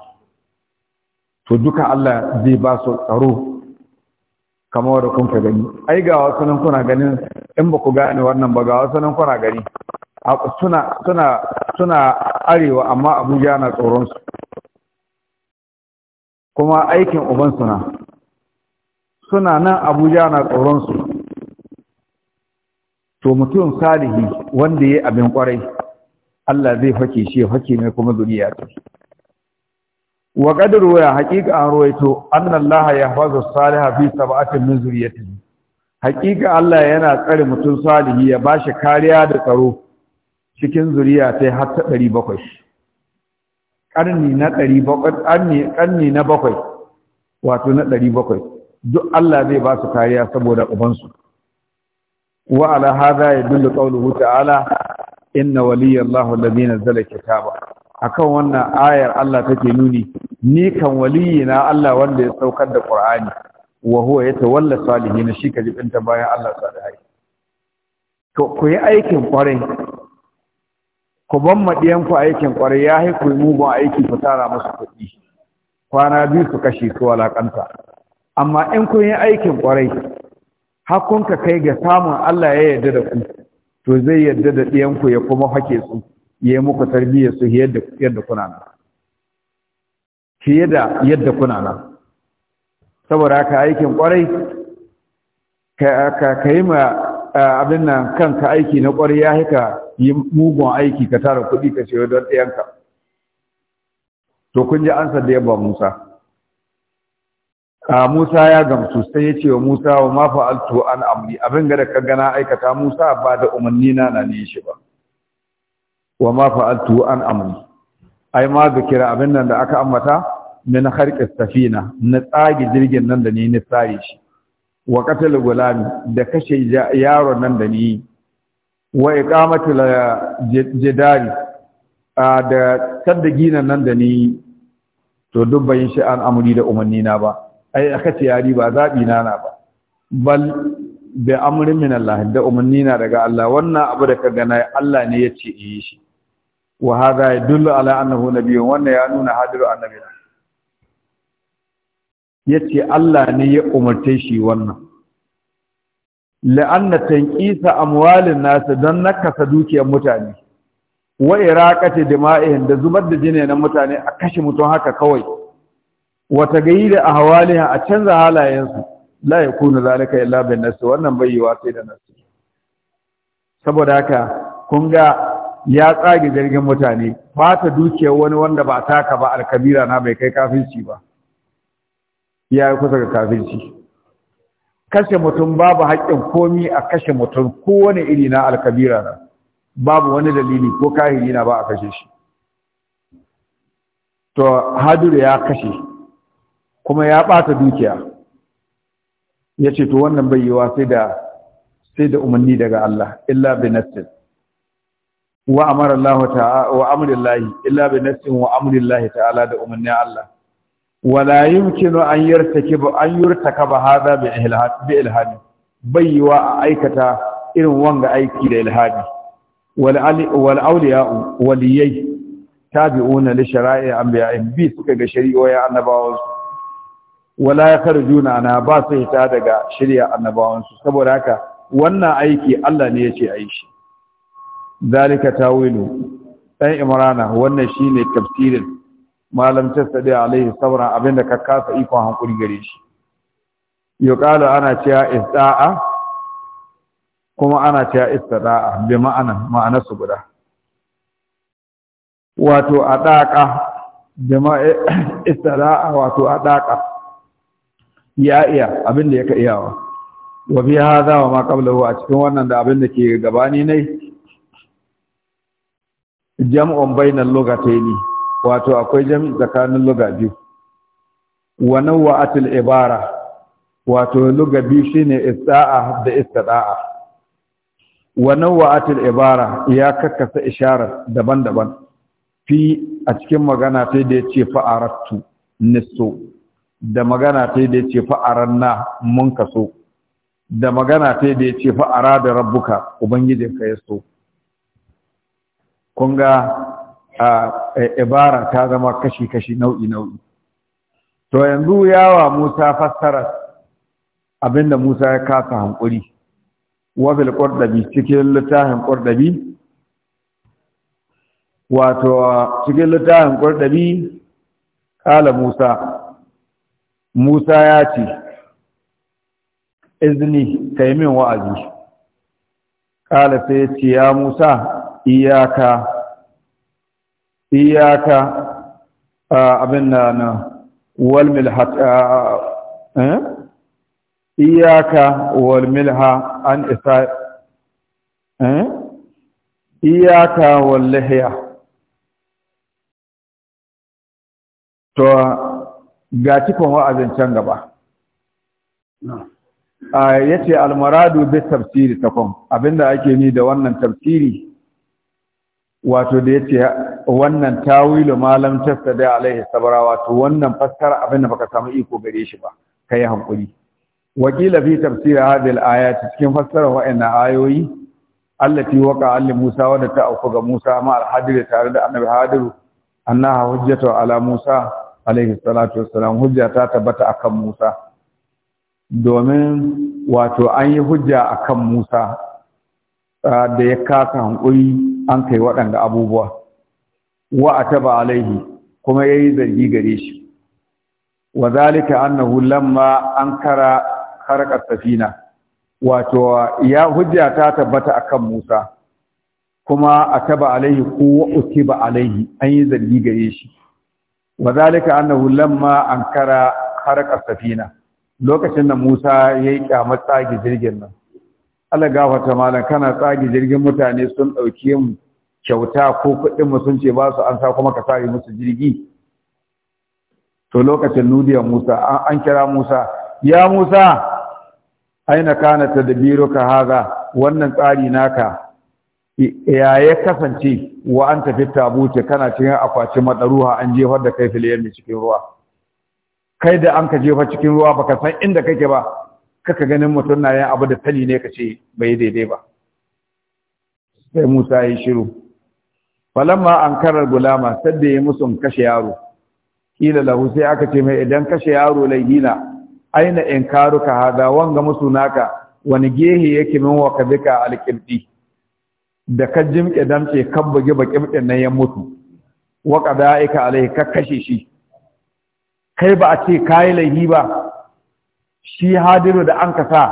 to duka Allah zai ba su tsaro kamar da kun ka gani ai ga wasu nan kuna ganin in ba ku gane wannan ba ga wasu nan kuna gani suna arewa amma Abuja na tsoronsu. kuma aikin uban suna suna nan Abuja na tsoronsu. to mutum salihi wanda ya yi abin kwarai Allah zai fake shi ya fake mai kuma zuriya ta wa qad ya haqiqa an ruwaito anna allaha yahfazu salihah fi sab'atin min zuriyatihi haqiqa Allah yana tsare mutun salihi ya bashi kariya da tsaro cikin zuriya sai har ta 700 karni na 700 karni na 7 wato na 700 duk Allah zai ba su kariya saboda uban su wa ala hadha yadullu qawluhu ta'ala inna waliyallahu alladhi nazzala kitaba akan wannan ayar Allah take nuni ni kan waliyi na Allah wanda ya saukar da Qur'ani wa huwa yatawalla salihin shi kaji binta bayan Allah salihai to ku yi aikin kwarai ku ban madiyan ku aikin kwarai yayi ku yi mugun aiki ku tara musu kuɗi kwana biyu su kashe su walakanta amma in kun yi aikin kwarai ka kai ga samun Allah ya yarda da ku to zai yarda da ku ya kuma hake su ya yi muku tarbiyya su yadda kuna nan fiye da yadda kuna nan saboda haka aikin kwarai ka yi ma abin nan kanka aiki na kwarai ya haka yi mugun aiki ka tara kuɗi ka ce don ɗayanka to kun ji ansa da yabba musa a musa ya gamsu sai ya ce wa musa wa ma fa'altu an amri abin ga da ka gana aikata musa ba da umarni na na ne shi ba wa ma fa'altu an amri ai ma zikira abin nan da aka ambata min harqis safina na tsage jirgin nan da ni ni tsare shi wa qatala gulami da kashe yaron nan da ni wa iqamati jidari da tadda nan da ni to duk bayin shi an amuri da umanni na ba ai aka ce yari ba zabi na na ba bal bi amrin min Allah da umanni na daga Allah wannan abu da ka gana Allah ne ya ce yi shi wa hada yadullu ala annahu nabiyyun wannan ya nuna hadiru annabi yace Allah ne ya umarce shi wannan la'anna tanqisa amwalin nas dan nakasa dukiyar mutane wa iraqati dima'ihim da zubar da jini na mutane a kashe mutum haka kawai wa a ahwaliha a canza halayensu la yakunu zalika illa bin nas wannan bai yiwa sai da nas saboda haka kun ga ya tsage jirgin mutane ba ta dukiyar wani wanda ba taka ba alkabira na bai kai kafinci ba ya yi kusa ga kafinci kashe mutum babu haƙƙin komi a kashe mutum kowane iri na alkabira na babu wani dalili ko kahiri na ba a kashe shi to hadiru ya kashe kuma ya ɓata dukiya ya ce to wannan bai yiwa sai da sai da umarni daga Allah illa bi wa amara Allah ta'ala wa Allah illa bi nafsin wa Allah ta'ala da umarnin Allah wala yumkinu an yartakiba an yurtakaba hada bi ilhad bi ilhad baywa aikata irin wanga aiki da ilhadi wal wal awliya waliyai tabi'una li shara'i anbiya'in bi suka ga shari'o'i annabawa su wala yakhrujuna ana ba su hita daga shari'a annabawan su saboda haka wannan aiki Allah ne yace ayi shi zalika tawilu dan imrana wannan shine tafsirin malam tasadi alaihi sabra abinda ka kasa ikon hankuri gare shi yuqalu ana cewa ista'a kuma ana cewa istada'a bi ma'ana ma'ana su guda wato adaqa jama'a istada'a wato adaqa ya iya abinda yake iyawa wa bi hadha wa ma qablahu a cikin wannan da abinda ke gabani ne jam'un bainal lugataini wato akwai jam'i tsakanin luga biyu wa nawa'atil ibara wato luga biyu ne isa’a da istada'a wa nawa'atil ibara ya kakkasa isharar daban-daban fi a cikin magana ta da ce fa’arattu nisso da magana ta da yace fa'aranna mun kaso da magana ta da ce fa'ara da rabbuka ubangijinka ya so kun ga e, ibara ta zama kashi-kashi nau'i-nau'i to yanzu yawa musa fassara abinda musa ya kasa hankuri wafil ƙordabi cikin littafin ƙordabi wato cikin littafin ƙordabi ƙala musa musa ya ce izini ka yi min wa'azi ƙala sai ya ce ya musa iyaka iyaka abin na na wal milhat eh? iyaka wal milha an isa eh? iyaka wallahiya to ga cikon wa'azin can gaba yace al maradu bi tafsiri takum abinda ake ni da wannan tafsiri wato da yace wannan tawilu malam tasada alaihi sabra wato wannan fassara abin da baka samu iko gare shi ba kai hankuri wakila fi tafsir hadhihi al cikin fassara wa'annan ayoyi allati waqa alli Musa wadda ta auku ga Musa ma al tare da annabi hadiru annaha hujjatu ala Musa alaihi salatu wassalam hujja ta tabbata akan Musa domin wato an yi hujja akan Musa da ya kasa hankuri an kai waɗanda abubuwa wa ataba alaihi kuma yayi zargi gare shi wa zalika annahu lamma ankara harqat safina wato ya hujja ta tabbata akan Musa kuma ataba alaihi ko utiba alaihi an yi zargi gare shi wa zalika annahu lamma ankara harkar safina lokacin da Musa ya yi kyamar tsagi jirgin nan Allah gafarta malam kana tsagi jirgin mutane sun ɗauke mu kyauta ko kuɗin mu sun ce ba su an sa kuma ka sare musu jirgi to lokacin nudiya Musa an kira Musa ya Musa aina kana ka haza wannan tsari naka ya ya kasance wa an tafi tabuce kana cikin akwatin madaruha an jefar da kai filiyar mai cikin ruwa kai da an ka jefa cikin ruwa baka san inda kake ba kaka ganin mutum na yin abu da tani ne ka ce bai daidai ba sai Musa ya shiru falamma an karar gulama sadda ya musu kashe yaro kila lahu sai aka ce mai idan kashe yaro laihina aina in karuka hada wanga musu naka wani gehe yake min wa kabika alqibdi da ka jimke damce kan bugi bakin nan ya mutu wa qada'ika alai ka kashe shi kai ba a ce kai laihi ba shi hadiru da an kasa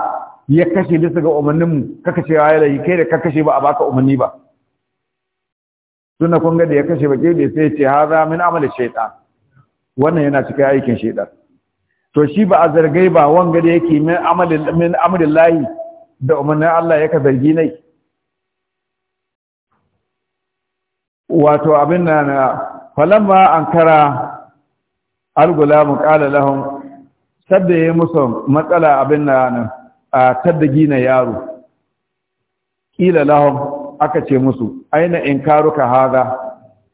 ya kashe bisa ga umarninmu kaka ya yi kai da ka kashe ba a baka umarni ba suna kun ga da ya kashe baki da sai ce haza min amala shaitan wannan yana cikin aikin shaitan to shi ba a zargai ba wanga da yake min amalin min amrillahi da umarnin Allah ka zargi nai wato abin nan falamma ankara al-gulam qala lahum tadda ya musu matsala abin nan a tadda gina yaro ƙila lahon aka ce musu aina in karuka haza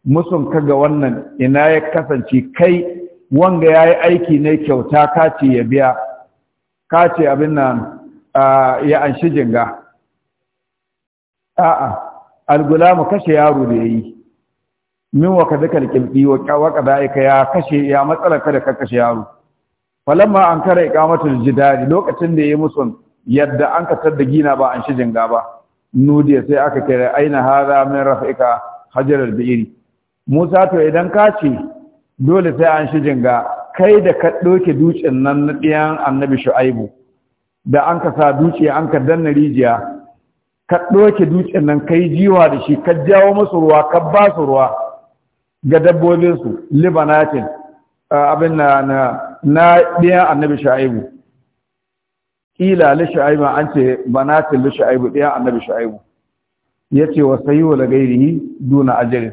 musun kaga wannan ina ya kasance kai wanga ya yi aiki ne kyauta kace ya biya kace abin nan ya anshi jinga a'a mu kashe yaro da ya yi min wa ka zikar kilbi wa ka ya kashe ya matsalar kada ka kashe yaro falamma an kara iqamatul jidari lokacin da yayi musun yadda an katar da gina ba an shijin ba. nudiya sai aka kira aina hada min raf'ika hajar albiri Musa to idan ka ce dole sai an shijin ga kai da ka doke dukin nan na diyan annabi shu'aibu da an ka sa dutse an ka danna rijiya ka doke dukin nan kai jiwa da shi ka jawo musu ruwa ka ba su ruwa ga dabbobinsu libanatin abin na na ɗiyan annabi sha'ibu ƙila li sha'ibu an ce banatin li sha'ibu ɗiyan annabi sha'ibu ya ce wa sahihu da gairihi duna ajirin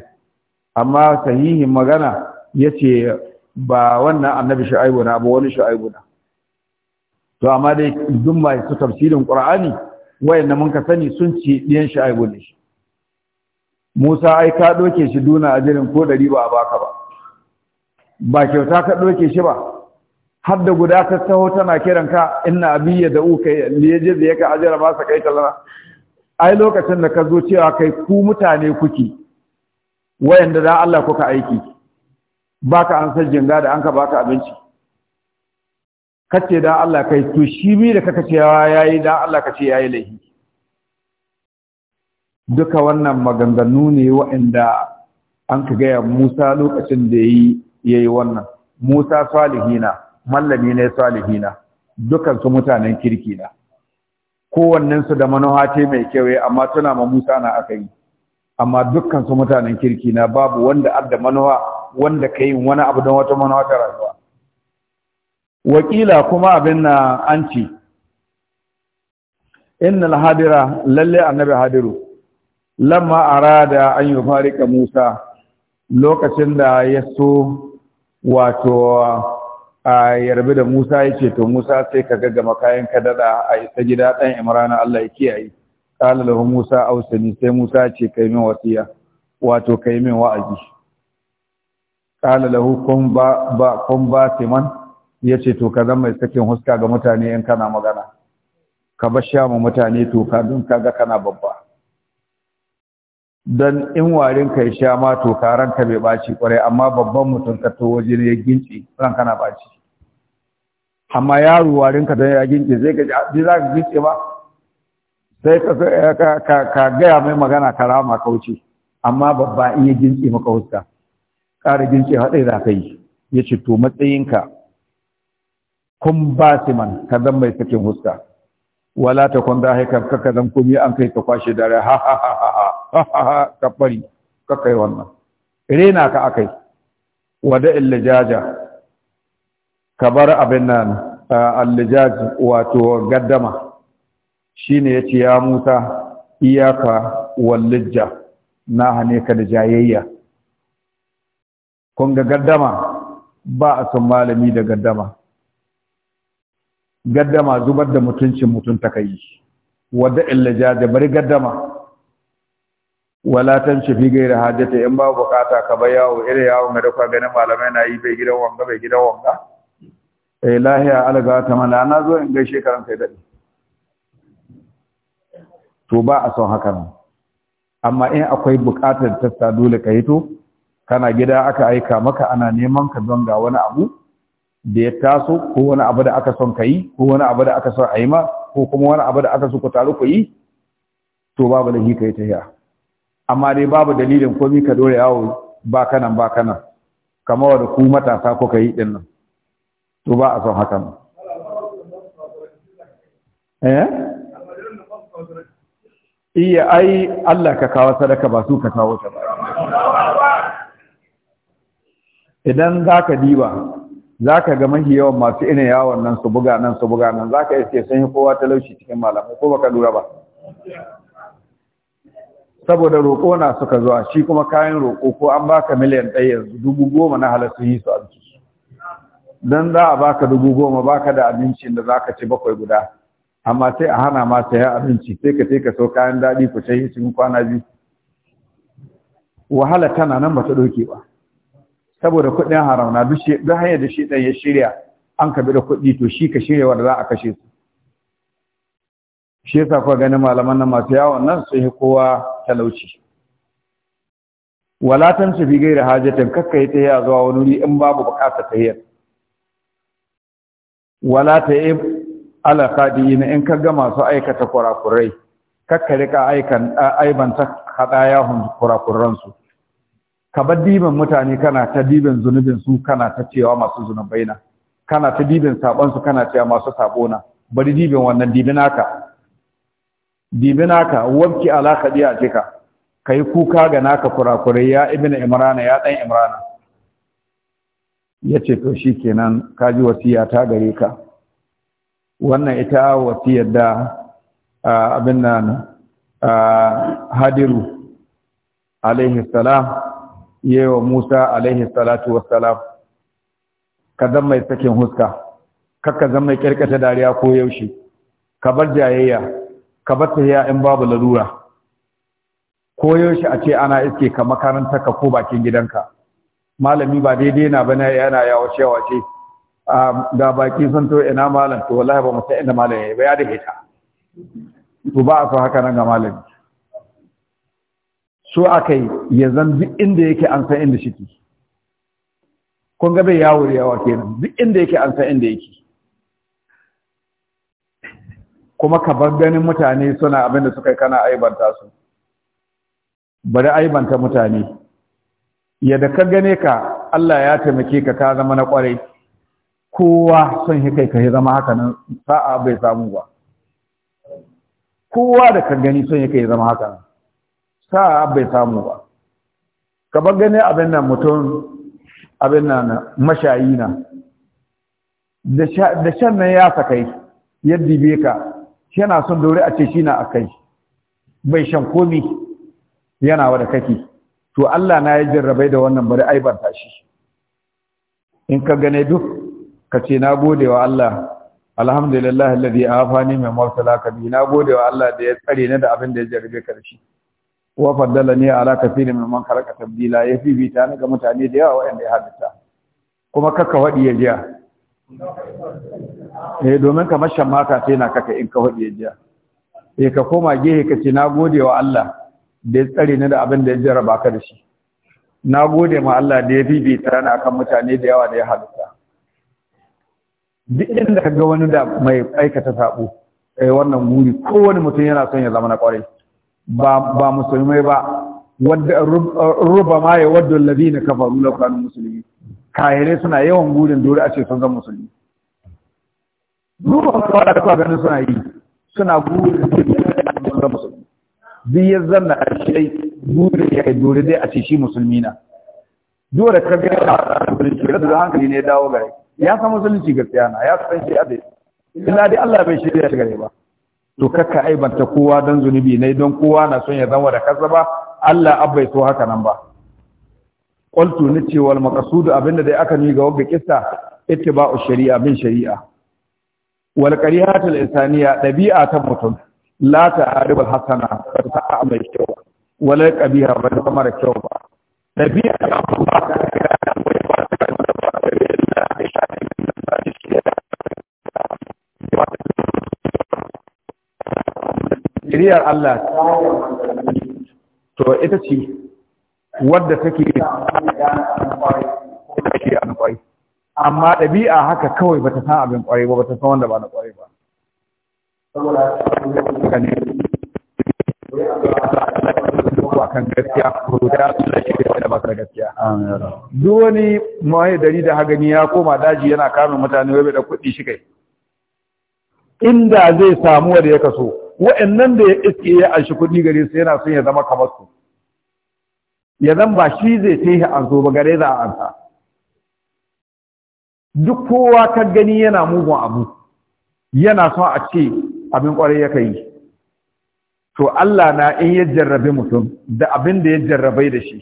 amma sahihin magana ya ce ba wannan annabi sha'ibu na ba wani sha'ibu na to amma dai duk mai su tafsirin qur'ani wayanda mun ka sani sun ci ɗiyan sha'ibu ne Musa ai ka doke shi duna ajirin ko dari ba a baka ba ba kyauta ka ɗauke shi ba har da guda ta taho tana kiran ka inna abiyya da uka liyaje da yaka ajira ba sa kai talana ai lokacin da ka zo cewa kai ku mutane kuke wayanda da Allah kuka aiki baka an san jinga da an ka baka abinci kace da Allah kai to shi mi da kaka cewa yayi da Allah kace yayi laifi duka wannan maganganu ne wa'anda an ka gaya Musa lokacin da ya yi yi wannan Musa salihina mallami ne salihina dukan su mutanen kirki na Kowannensu da manoha ce mai kyau eh, amma tuna ma Musa na aka yi amma dukansu su mutanen kirki na babu wanda adda manoha wanda kai wani abu don wata manoha ta rayuwa wakila kuma abin na an ce innal hadira lalle annabi hadiru lamma arada an yufarika Musa lokacin da ya so wato a yarbi da Musa ya ce to Musa sai ka gaggama kayan ka dada a isa gida ɗan Imrana Allah ya kiyaye qala Musa ausani sai Musa ce kai min wasiya wato kai min wa'azi qala lahu kun ba ba kun ba to ka zama mai sakin huska ga mutane in kana magana ka sha mu mutane to ka dun kaga kana babba don in warin kai sha ma to karan ka bai baci kwarai amma babban mutum ka to waje ne ya ginci ran kana baci amma yaro warin ka dan ya ginci zai ka zai ah, za ka ginci ba sai ka ga mai magana karama kauce amma babba in ya ginci maka huska ƙara ginci haɗai za kai yi ya ce to matsayinka kun ba man ka zan mai sakin huska wala ta kun da haikar ka zan komi an kai ta kwashe dare ha ha ha ha ka bari ka kai wannan rena ka akai wada illajaja ka bar abin nan allijaj wato gaddama shine yace ya Musa iyaka wallija na hane ka da jayayya kun ga gaddama ba a san malami da gaddama gaddama zubar da mutuncin mutum ta kai wadda illaja bari gaddama wala tamshi fi gairi hajjata in babu bukata ka bar yawo iri yawon ga duka ganin malamai na yi bai gidan wanga bai gidan wanga eh lahiya alga ta mana na zo in gaishe karan kai dadi to ba a son haka nan amma in akwai bukatar tasta dole ka hito kana gida aka aika maka ana neman ka don ga wani abu da ya taso ko wani abu da aka son ka yi ko wani abu da aka son a yi ma ko kuma wani abu da aka so ku taru ku yi to babu lahi ka yi ta hiya amma dai babu dalilin komi ka dore yawo ba kanan ba kanan kamar wadda ku matasa ko ka yi ɗin nan to ba a son hakan eh iya ai Allah ka kawo sadaka ba su ka kawo ta ba idan za ka diba za ka ga mahi yawan masu ina yawon nan su buga nan su buga nan za ka iske sun yi kowa talauci cikin malamai ko baka lura ba saboda roƙo na suka zuwa shi kuma kayan roƙo ko an baka miliyan ɗaya yanzu dubu goma na halar yi su arziki don za a baka dubu goma baka da abincin da za ka ci bakwai guda amma sai a hana ma sayan abinci sai ka sai ka so kayan daɗi ku sai cikin kwana biyu wahala tana nan ba ta ɗauke ba saboda kuɗin haram na duk hanyar da shi ɗan ya shirya an ka da kuɗi to shi ka shirya wanda za a kashe su shi yasa kuwa ganin malaman nan masu yawon nan sai kowa talauci wala su fi gaira hajatin kakka yi a zuwa wani wuri in babu ta yi wala ta yi ala na in ka ga masu aikata kurakurai kakka rika aikan hun kurakurran su ka bar diban mutane kana ta diban zunubin su kana ta cewa masu zunubai na kana ta diban sabon su kana cewa masu sabona, na bari diban wannan dibin naka dibi naka wabki ala Ka kai kuka ga naka kurakurai ya ibn imrana ya dan imrana yace to shikenan kaji wasiya ta gare ka wannan ita wasiyar da abin nan hadiru alaihi salam yewa musa alaihi salatu wassalam ka zama mai sakin huska kakka zama mai kirkata dariya ko yaushe ka bar jayayya ka bar ta ya in babu larura ko yaushe a ce ana iske ka makaranta ka ko bakin gidanka malami ba daidai na na yana yawo cewa ce ga baki sun to ina malam to wallahi ba mu inda malam ya ba ya dake ta to ba a so haka nan ga malami so akai ya zan duk inda yake an san inda shi kun ga bai yawo yawa kenan duk inda yake an san inda yake kuma ka bar ganin mutane suna abin da suka yi kana aibanta su bari aibanta mutane yadda ka gane ka Allah ya taimake ka ka zama na kwarai kowa son yi kai ka yi zama haka nan sa'a bai samu ba kowa da ka gani son yi kai zama haka nan sa'a bai samu ba ka bar gane abin nan mutum abin nan mashayi na da shan nan ya sakai yadda bai ka yana son daure a ce shi na kai. bai shan komi yana wada kake to Allah na ya jarrabai da wannan bari aibarta shi in ka gane duk ka ce na gode wa Allah alhamdulillah alladhi afani min mawsalaka bi na gode wa Allah da ya tsare ni da abin da ya jarrabe ka da shi wa ni ala min man khalaqa tabdila yafi bi ta ga mutane da yawa wanda ya halitta kuma kaka wadi ya jiya eh domin kamar mata sai na kaka in ka hudi jiya eh ka koma gehe ka ce na gode wa Allah da ya tsare ni da abin da ya jira baka da shi na gode ma Allah da ya bibita ni akan mutane da yawa da ya halitta duk inda ka ga wani da mai aikata sabo eh wannan guri kowane mutum yana son ya zama na kwarai ba ba musulmai ba wadda rubama ya wadda alladhina kafaru law kanu muslimin kahire suna yawan burin dole a ce sun zama musulmi duba kuma da kuma ganin suna yi suna burin sun zama musulmi duk ya zanna a shi burin ya yi dole dai a ce shi musulmi na dole da kaga ya musulunci da zuwa hankali ne ya dawo gare ya san musulunci gaskiya na ya san shi ade Ina dai Allah bai shirya shi gare ba to kakka aibanta kowa don zunubi ne don kowa na son ya zama da kasa ba Allah abai so haka nan ba qultu ni ce wal da abinda dai aka ni ga wagga kissa ittiba'u shari'a bin shari'a wal qarihatul insaniya dabi'a ta mutum la ta'arib al hasana ta ta'a mai kyau wal qabiha ba ta mara kyau ba dabi'a ta ba ta shari'ar Allah to ita ce wadda take take an kwai amma ɗabi'a haka kawai bata san abin kwai ba bata san wanda ba na kwai ba saboda haka ne akan gaskiya ko da Allah shi gaskiya duk wani mai dari da hagani ya koma daji yana kame mutane wai da kuɗi shi kai inda zai samu wanda ya kaso wa'annan da ya iske ya anshi kuɗi gare su yana son ya zama kamar su ya zan ba shi zai tehi an a ba gare za a ansa duk kowa ka gani yana mugun abu yana son a ce abin kwarai ya kai to Allah na in ya jarrabe mutum da abin da ya jarrabe da shi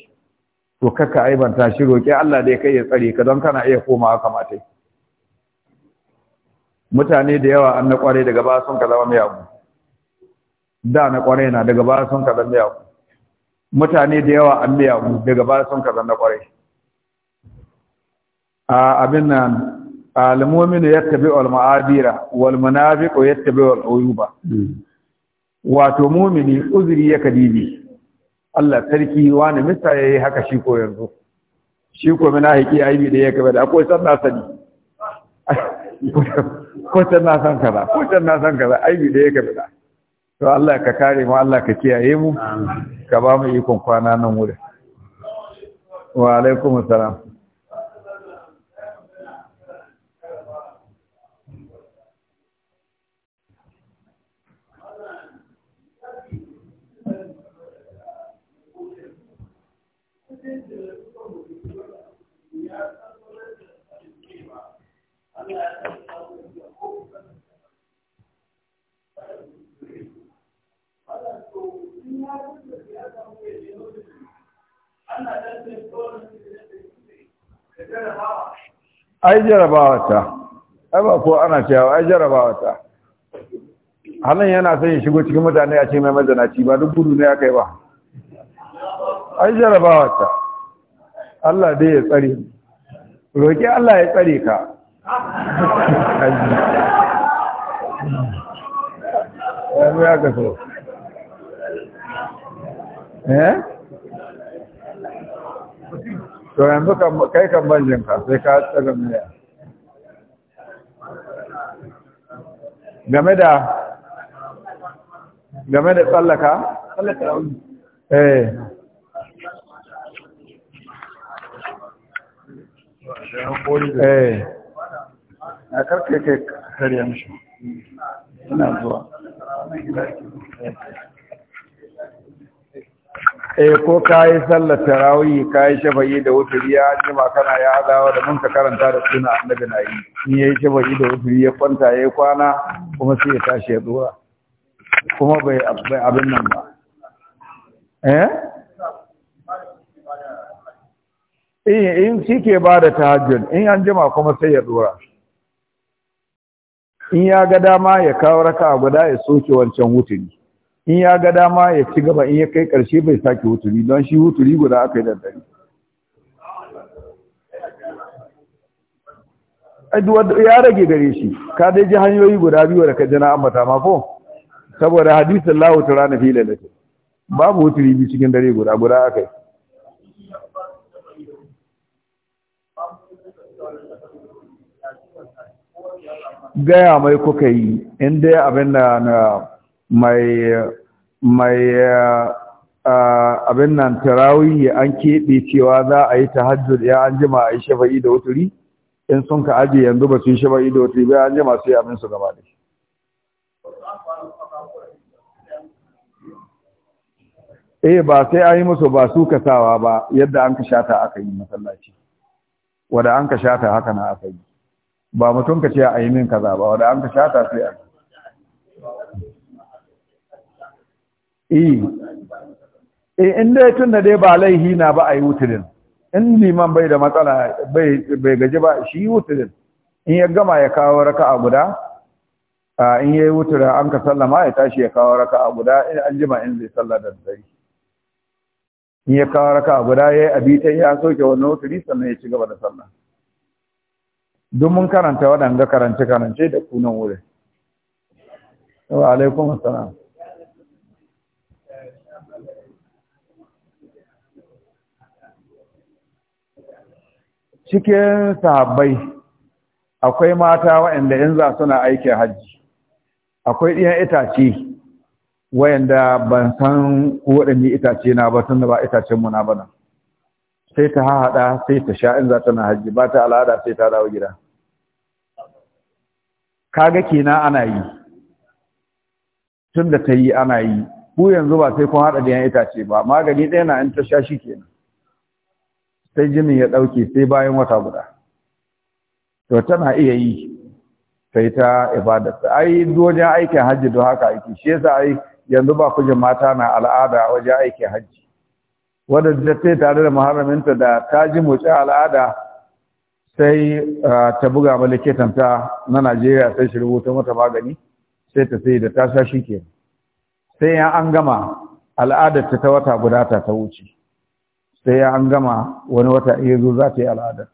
to kaka aibanta shi roƙi Allah da ya kai ya tsare ka don kana iya komawa kamata mutane da yawa an na kwarai daga ba sun kaza wani abu da na kwarai na daga ba sun kaza wani abu mutane da yawa an biya mu daga baya sun kazan da kwarai a abin nan al-mu'minu yattabi'u al-ma'adira wal munafiqu yattabi'u al-uyuba wato mu'mini uzuri ya kadibi Allah sarki wani mista yayi haka shi ko yanzu shi ko haƙi aibi da yake da akwai sanna sani ko na san kaza ko na san kaza aibi da yake bada to Allah ka kare mu Allah ka kiyaye mu ka ba mu ikon kwana nan wurin wa alaikumus salam ai jarabawa ta ai ba ko ana cewa ai jarabawa ta hannun yana son yin shigo cikin mutane a ce mai mazanaci ba duk gudu ne aka yi ba ai jarabawa ta Allah dai ya tsare roƙi Allah ya tsare ka yanzu ya kaso eh to yanzu kai kan banjin ka sai ka tsara miya game da game da tsallaka eh eh a karkake kariya mishi suna zuwa eh ko kai sallar tarawih kai shafayi da wuturi ya ji ba kana ya hadawa da mun ka karanta da suna annabi na yi ni yayi shafayi da wuturi ya kwanta yayi kwana kuma sai ya tashi ya dora kuma bai abin nan ba eh? eh in shi ke ba da tahajjud in an jima kuma sai ya dora in ya ga dama ya kawo raka guda ya soke wancan wuturi in ya ga dama ya ci gaba in ya kai ƙarshe bai sake huturi don shi huturi guda aka yi daddare ya rage gare shi ka dai ji hanyoyi guda biyu da ka jana ambata mako? ko saboda hadisin lahu ta rana fi da babu huturi biyu cikin dare guda guda aka yi gaya mai kuka yi inda abin da na mai mai eh, eh, abin nan tarawih an keɓe cewa za a yi tahajjud ya an jima a yi shafa'i da wuturi in sun ka aje yanzu ba su yi shafa'i da wuturi ba an jima su yi abin su gaba da shi eh ba sai an yi musu ba su kasawa ba yadda an ka shata aka yi masallaci Wada an ka shata haka na aka yi ba mutum ka ce a yi min kaza ba wada an ka shata sai a Eh. eh in dai tun da dai ba laihi na ba a yi wutirin in liman bai da matsala bai gaji ba shi yi wutirin in ya gama ya kawo raka a guda in ya yi wuturin an ka sallama ya tashi ya kawo raka a guda in an jima in zai salla da zai in ya kawo raka a guda ya yi abita ya soke wani wuturi sannan ya ci gaba da sallah don mun karanta waɗanda karance-karance da kunan wurin. Wa alaikum assalam. cikin sahabbai akwai mata waɗanda in za suna aikin hajji akwai ɗiyan itace waɗanda ban san waɗanda itace na ba tun da ba itacen mu na ba nan sai ta haɗa sai ta sha in za ta hajji ba ta al'ada sai ta dawo gida kaga kenan ana yi tun da ta yi ana yi ku yanzu ba sai kun haɗa ɗiyan itace ba magani ɗaya na in ta sha shi kenan sai jinin ya ɗauke sai bayan wata guda to tana iya yi sai ta ibadarta ai wajen aikin hajji don haka aiki shi yasa ai yanzu ba kujin mata na al'ada wajen aikin hajji wadda da ta tare da maharaminta da ta ji motsi al'ada sai ta buga ma likitanta na Najeriya sai shi rubuta mata magani sai ta sai da ta sha shi ke sai an gama al'adarta ta wata guda ta ta wuce sai an gama wani wata iya zo za ta yi al'adar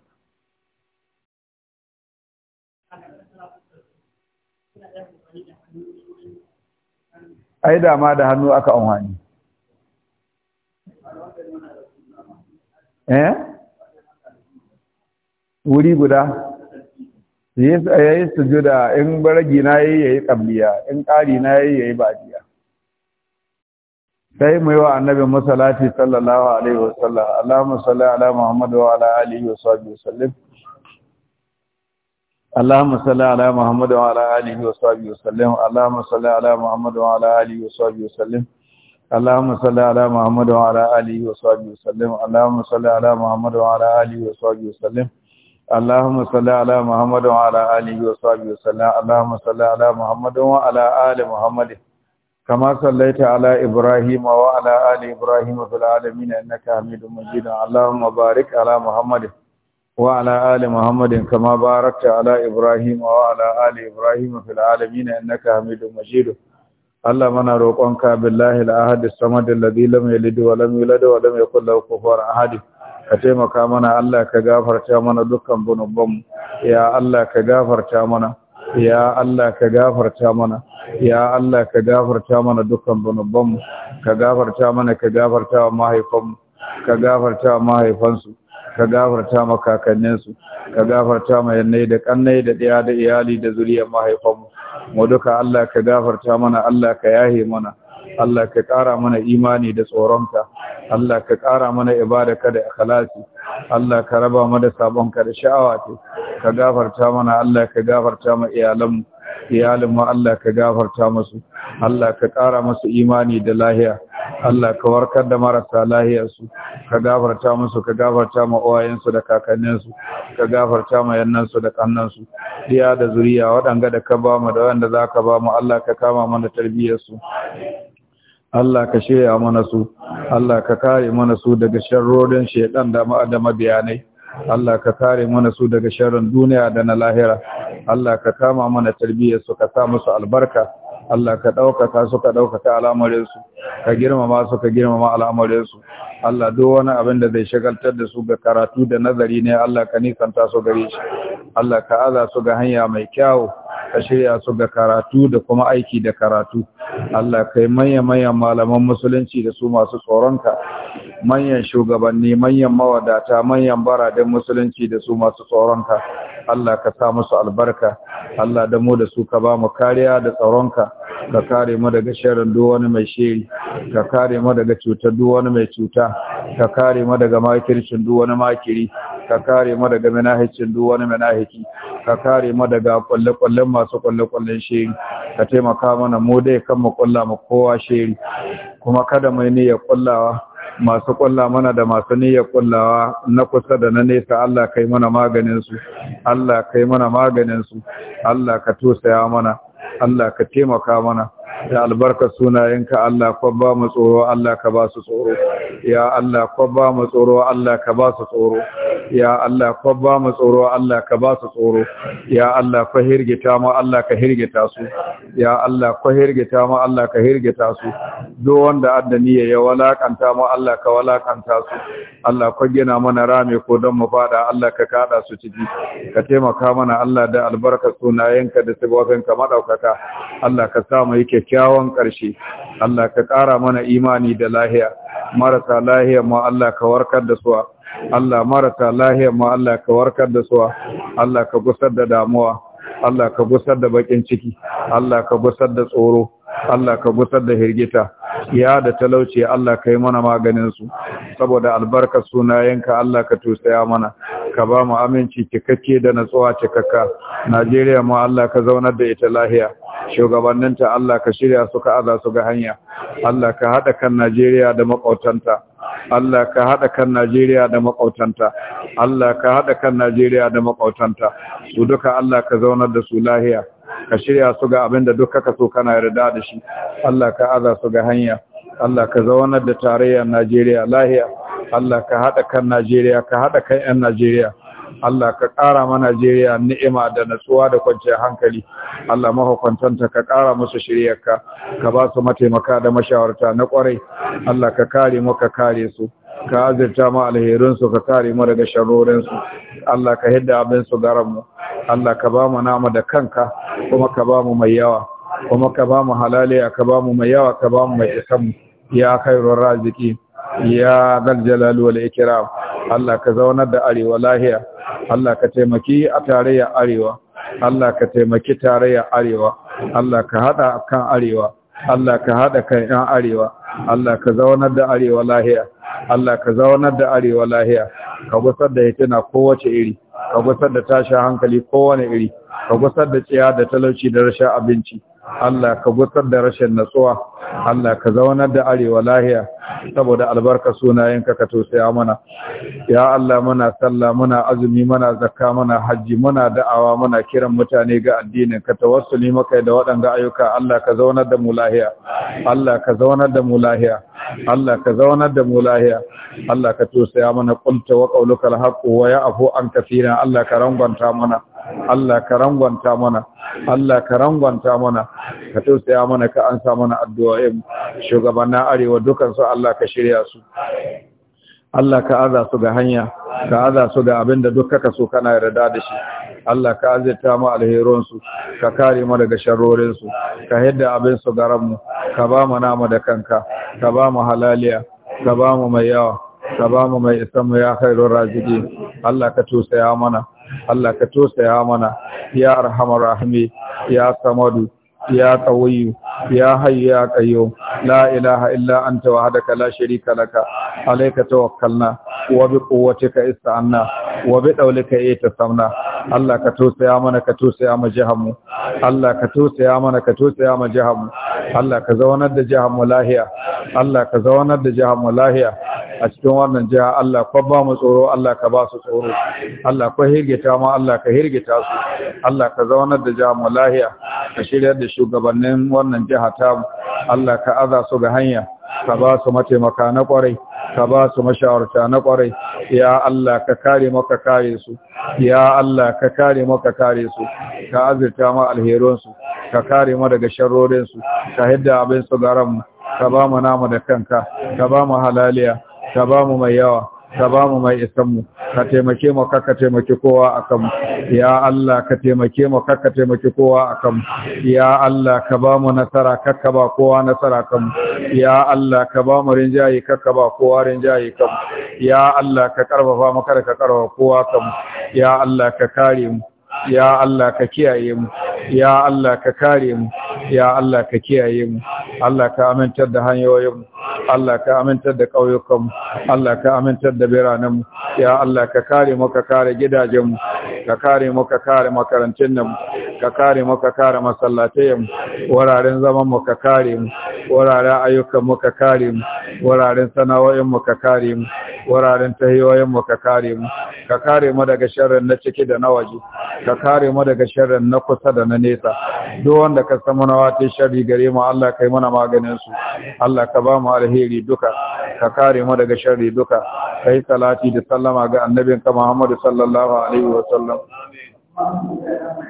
ai dama da hannu aka amfani eh wuri guda Yayi su sujuda in baragi na yi ya yi in ƙari na yi ya yi baɗi sai mu yi wa annabi masalati sallallahu alaihi wa sallam allahumma salli ala muhammad wa ala alihi wa sahbihi sallam allahumma salli ala muhammad wa ala alihi wa sahbihi sallam allahumma salli ala muhammad wa ala alihi wa sahbihi sallam allahumma salli ala muhammad wa ala alihi wa sahbihi sallam allahumma salli ala muhammad wa ala alihi wa sahbihi sallam allahumma salli ala muhammad wa ala alihi wa sahbihi sallam allahumma salli ala muhammad wa ala ali muhammadin كما صليت على إبراهيم وعلى آل إبراهيم في العالمين إنك حميد مجيد اللهم بارك على محمد وعلى آل محمد كما باركت على إبراهيم وعلى آل إبراهيم في العالمين إنك حميد مجيد اللهم نروقك بالله الأحد الصمد الذي لم يلد ولم يولد ولم يكن له كفوا أحد ka taimaka mana Allah ka gafarta mana dukkan bunubbanmu ya Allah ka gafarta mana ya Allah ka gafarta mana ya Allah ka gafarta mana dukkan zunubanmu ka gafarta mana ka gafarta wa mahaifanmu ka gafarta wa mahaifansu ka gafarta ma kakanninsu ka gafarta ma yannai da kannai da ɗaya da iyali da zuriyar mahaifanmu mu duka Allah ka gafarta mana Allah ka yahe mana Allah ka ƙara mana imani da tsoronka Allah ka ƙara mana ibadaka da ikhlasi Allah ka raba mana da sabonka da sha'awa ce ka gafarta mana Allah ka gafarta ma iyalanmu iyalin mu Allah ka gafarta musu Allah ka ƙara masu imani da lahiya Allah ka warkar da marasa lahiyarsu ka gafarta musu ka gafarta ma uwayensu da kakanninsu ka gafarta ma yannansu da kannansu iya da zuriya waɗanga da ka ba mu da wanda za ka ba mu Allah ka kama mana tarbiyyarsu Allah ka shirya mana su Allah ka kare mana su daga sharrorin shaidan da ma'adama bayanai Allah ka kare mana su daga sharrin duniya da na lahira Allah ka kama mana tarbiyyar su ka sa musu albarka Allah ka ɗaukaka su ka ɗaukaka al'amarin su ka girmama su ka girmama al'amarin su Allah duk wani abin da zai shagaltar da su ga karatu da nazari ne Allah ka nisanta su gare shi Allah ka aza su ga hanya mai kyau ka shirya su ga karatu da kuma aiki da karatu Allah kai manyan manyan malaman musulunci da su masu tsoronka manyan shugabanni manyan mawadata manyan baradin musulunci da su masu tsoronka Allah ka sa musu albarka Allah da mu da su ka ba mu kariya da tsoronka. ka kare mu daga sharrin duk wani mai shiri ka kare mu daga cutar duk wani mai cuta ka kare mu daga makircin duk wani makiri ka kare mu daga manahicin duk wani manahiki ka kare mu daga kwalle-kwallen masu kwalle-kwallen shiri ka taimaka mana mu dai kan mu kwalla mu kowa shiri kuma kada mai niyyar kwallawa masu kulla mana da masu niyyar kullawa na kusa da na nesa Allah kai mana maganinsu Allah kai mana maganinsu Allah ka ya mana Allah ka taimaka mana da albarka sunayenka Allah ka ba mu tsoro Allah ka ba su tsoro ya Allah ka ba mu tsoro Allah ka ba su tsoro ya Allah ka ba mu tsoro Allah ka ba su tsoro ya Allah ka hirgita mu Allah ka hirgita su ya Allah ka hirgita mu Allah ka hirgita su duk wanda addaniya ya walakanta mu Allah ka walakanta su Allah ka gina mana rami ko don mu fada Allah ka kada su ciki ka taimaka mana Allah da albarka sunayenka da sabawanka madaukaka Allah ka sa mu yake kyakkyawan ƙarshe Allah ka ƙara mana imani da lahiya marasa lahiya ma Allah ka warkar da suwa Allah marasa lahiya ma Allah ka warkar da suwa Allah ka gusar da damuwa Allah ka gusar da bakin ciki Allah ka gusar da tsoro Allah ka gusar da hirgita ya da talauci Allah ka yi mana maganin su saboda albarkar sunayenka Allah ka tusaya mana ka ba mu aminci cikakke da natsuwa cikakka Najeriya ma Allah ka zaunar da ita lahiya shugabanninta Allah ka shirya suka aza su ga hanya Allah ka haɗa kan Najeriya da makautanta Allah ka haɗa kan Najeriya da makautanta Allah ka haɗa kan Najeriya da makautanta su duka Allah ka zaunar da su lahiya, ka shirya su ga abin da ka so kana yarda da shi, Allah ka aza su ga hanya, Allah ka zaunar da tarayyar Najeriya lahiya, Allah ka haɗa kan Najeriya, ka haɗa kan ƴan Najeriya. Allah ka ƙara ma Najeriya ni'ima da natsuwa da kwanciyar hankali Allah mahukuntanta ka ƙara musu shiryarka ka ba su mataimaka da mashawarta na ƙwarai Allah ka kare mu ka kare su ka azirta mu alherinsu ka kare mu daga sharorinsu Allah ka hidda abin su garanmu Allah ka ba mu nama da kanka kuma ka ba mu mai yawa kuma ka ba mu halaliya ka ba mu mai yawa ka ba mu mai isan ya khairur raziki ya dal jalali wal ikram Allah ka zaunar da arewa lahiya Allah ka taimaki a tarayya arewa Allah ka taimaki tarayya arewa Allah ka hada kan arewa Allah ka hada kan yan arewa Allah ka zaunar da arewa lahiya Allah ka zaunar da arewa lahiya ka gusar da hitina kowace iri ka gusar da tashin hankali kowane iri ka gusar da tsiya da talauci da rashin abinci Allah ka gusar da rashin natsuwa Allah ka zaunar da arewa lahiya saboda albarka sunayenka ka tausaya mana ya Allah muna sallah muna azumi muna zakka muna hajji muna da'awa muna kiran mutane ga addinin ka tawassuli maka da waɗanda ayyuka Allah ka zaunar da mu lahiya Allah ka zaunar da mu lahiya Allah ka zaunar da mu lahiya Allah ka tosaya mana kunta wa qawluka haqq wa ya'fu an kathira Allah ka rangwanta mana Allah ka rangwanta mana Allah ka rangwanta mana ka tosaya mana ka ansa mana addu'o'in shugabanna arewa dukan su Allah ka shirya su Allah ka aza ga hanya ka aza ga abinda duk kaka so kana yarda da shi Allah ka azirta mu alheronsu ka kare mu daga sharrorinsu ka hidda abin su garan mu ka ba mu nama da kanka ka ba mu halaliya ka ba mu mai yawa ka ba mu mai isa mu ya khairur raziki Allah ka tosaya mana Allah ka tosaya mana ya arhamar rahimi ya samadu ya ya يا قوي يا حي يا قيوم لا إله إلا أنت وحدك لا شريك لك عليك توكلنا وبقوتك استعنا وبدولك samna. Allah ka tosaya mana ka tosaya ma jihar mu Allah ka tosaya mana ka tosaya ma jihar mu Allah ka zaunar da jihar mu lahiya Allah ka zaunar da jihar mu lahiya a cikin wannan jiha Allah ko ba mu tsoro Allah ka ba su tsoro Allah ko hirgita ma Allah ka hirgita su Allah ka zaunar da jihar mu lahiya ka shiryar da shugabannin wannan jiha ta Allah ka aza su ga hanya ka ba su mataimaka na kwarai ka ba su mashawarta na kwarai ya Allah ka kare maka kare su ya Allah ka kare maka kare su ka azurta ma alheron ka kare mu daga sharrorin su ka hidda abin su garan mu ka ba mu namu da kanka ka ba mu halaliya ka ba mu mai yawa ka ba mu mai isanmu ka taimake mu ka taimake kowa akan ya Allah ka taimake mu ka taimake kowa akan ya Allah ka ba mu nasara ka ba kowa nasara kan ya Allah ka ba mu rinjaye ka ba kowa rinjaye kan ya Allah ka karfafa mu kada ka karfafa kowa kan ya Allah ka kare mu ya Allah ka kiyaye mu ya Allah ka kare mu ya Allah ka kiyaye mu Allah ka amintar da hanyoyin Allah ka amintar da ƙauyukanmu Allah ka amintar da biranenmu ya Allah ka kare mu ka kare gidajenmu ka kare mu ka kare makarantun nan ka kare mu ka kare masallatayenmu wuraren zamanmu ka kare mu wuraren ayyukanmu ka kare mu wuraren sana'o'inmu ka kare mu wuraren tahiyoyinmu ka kare mu ka kare mu daga sharrin na ciki da na waje ka kare mu daga sharrin na kusa da na nesa duk wanda ka samu na wata sharri gare mu Allah kai mana maganin su Allah ka ba mu mu alheri duka ka kare mu daga sharri duka kai salati da sallama ga annabinka Muhammad sallallahu alaihi wa sallam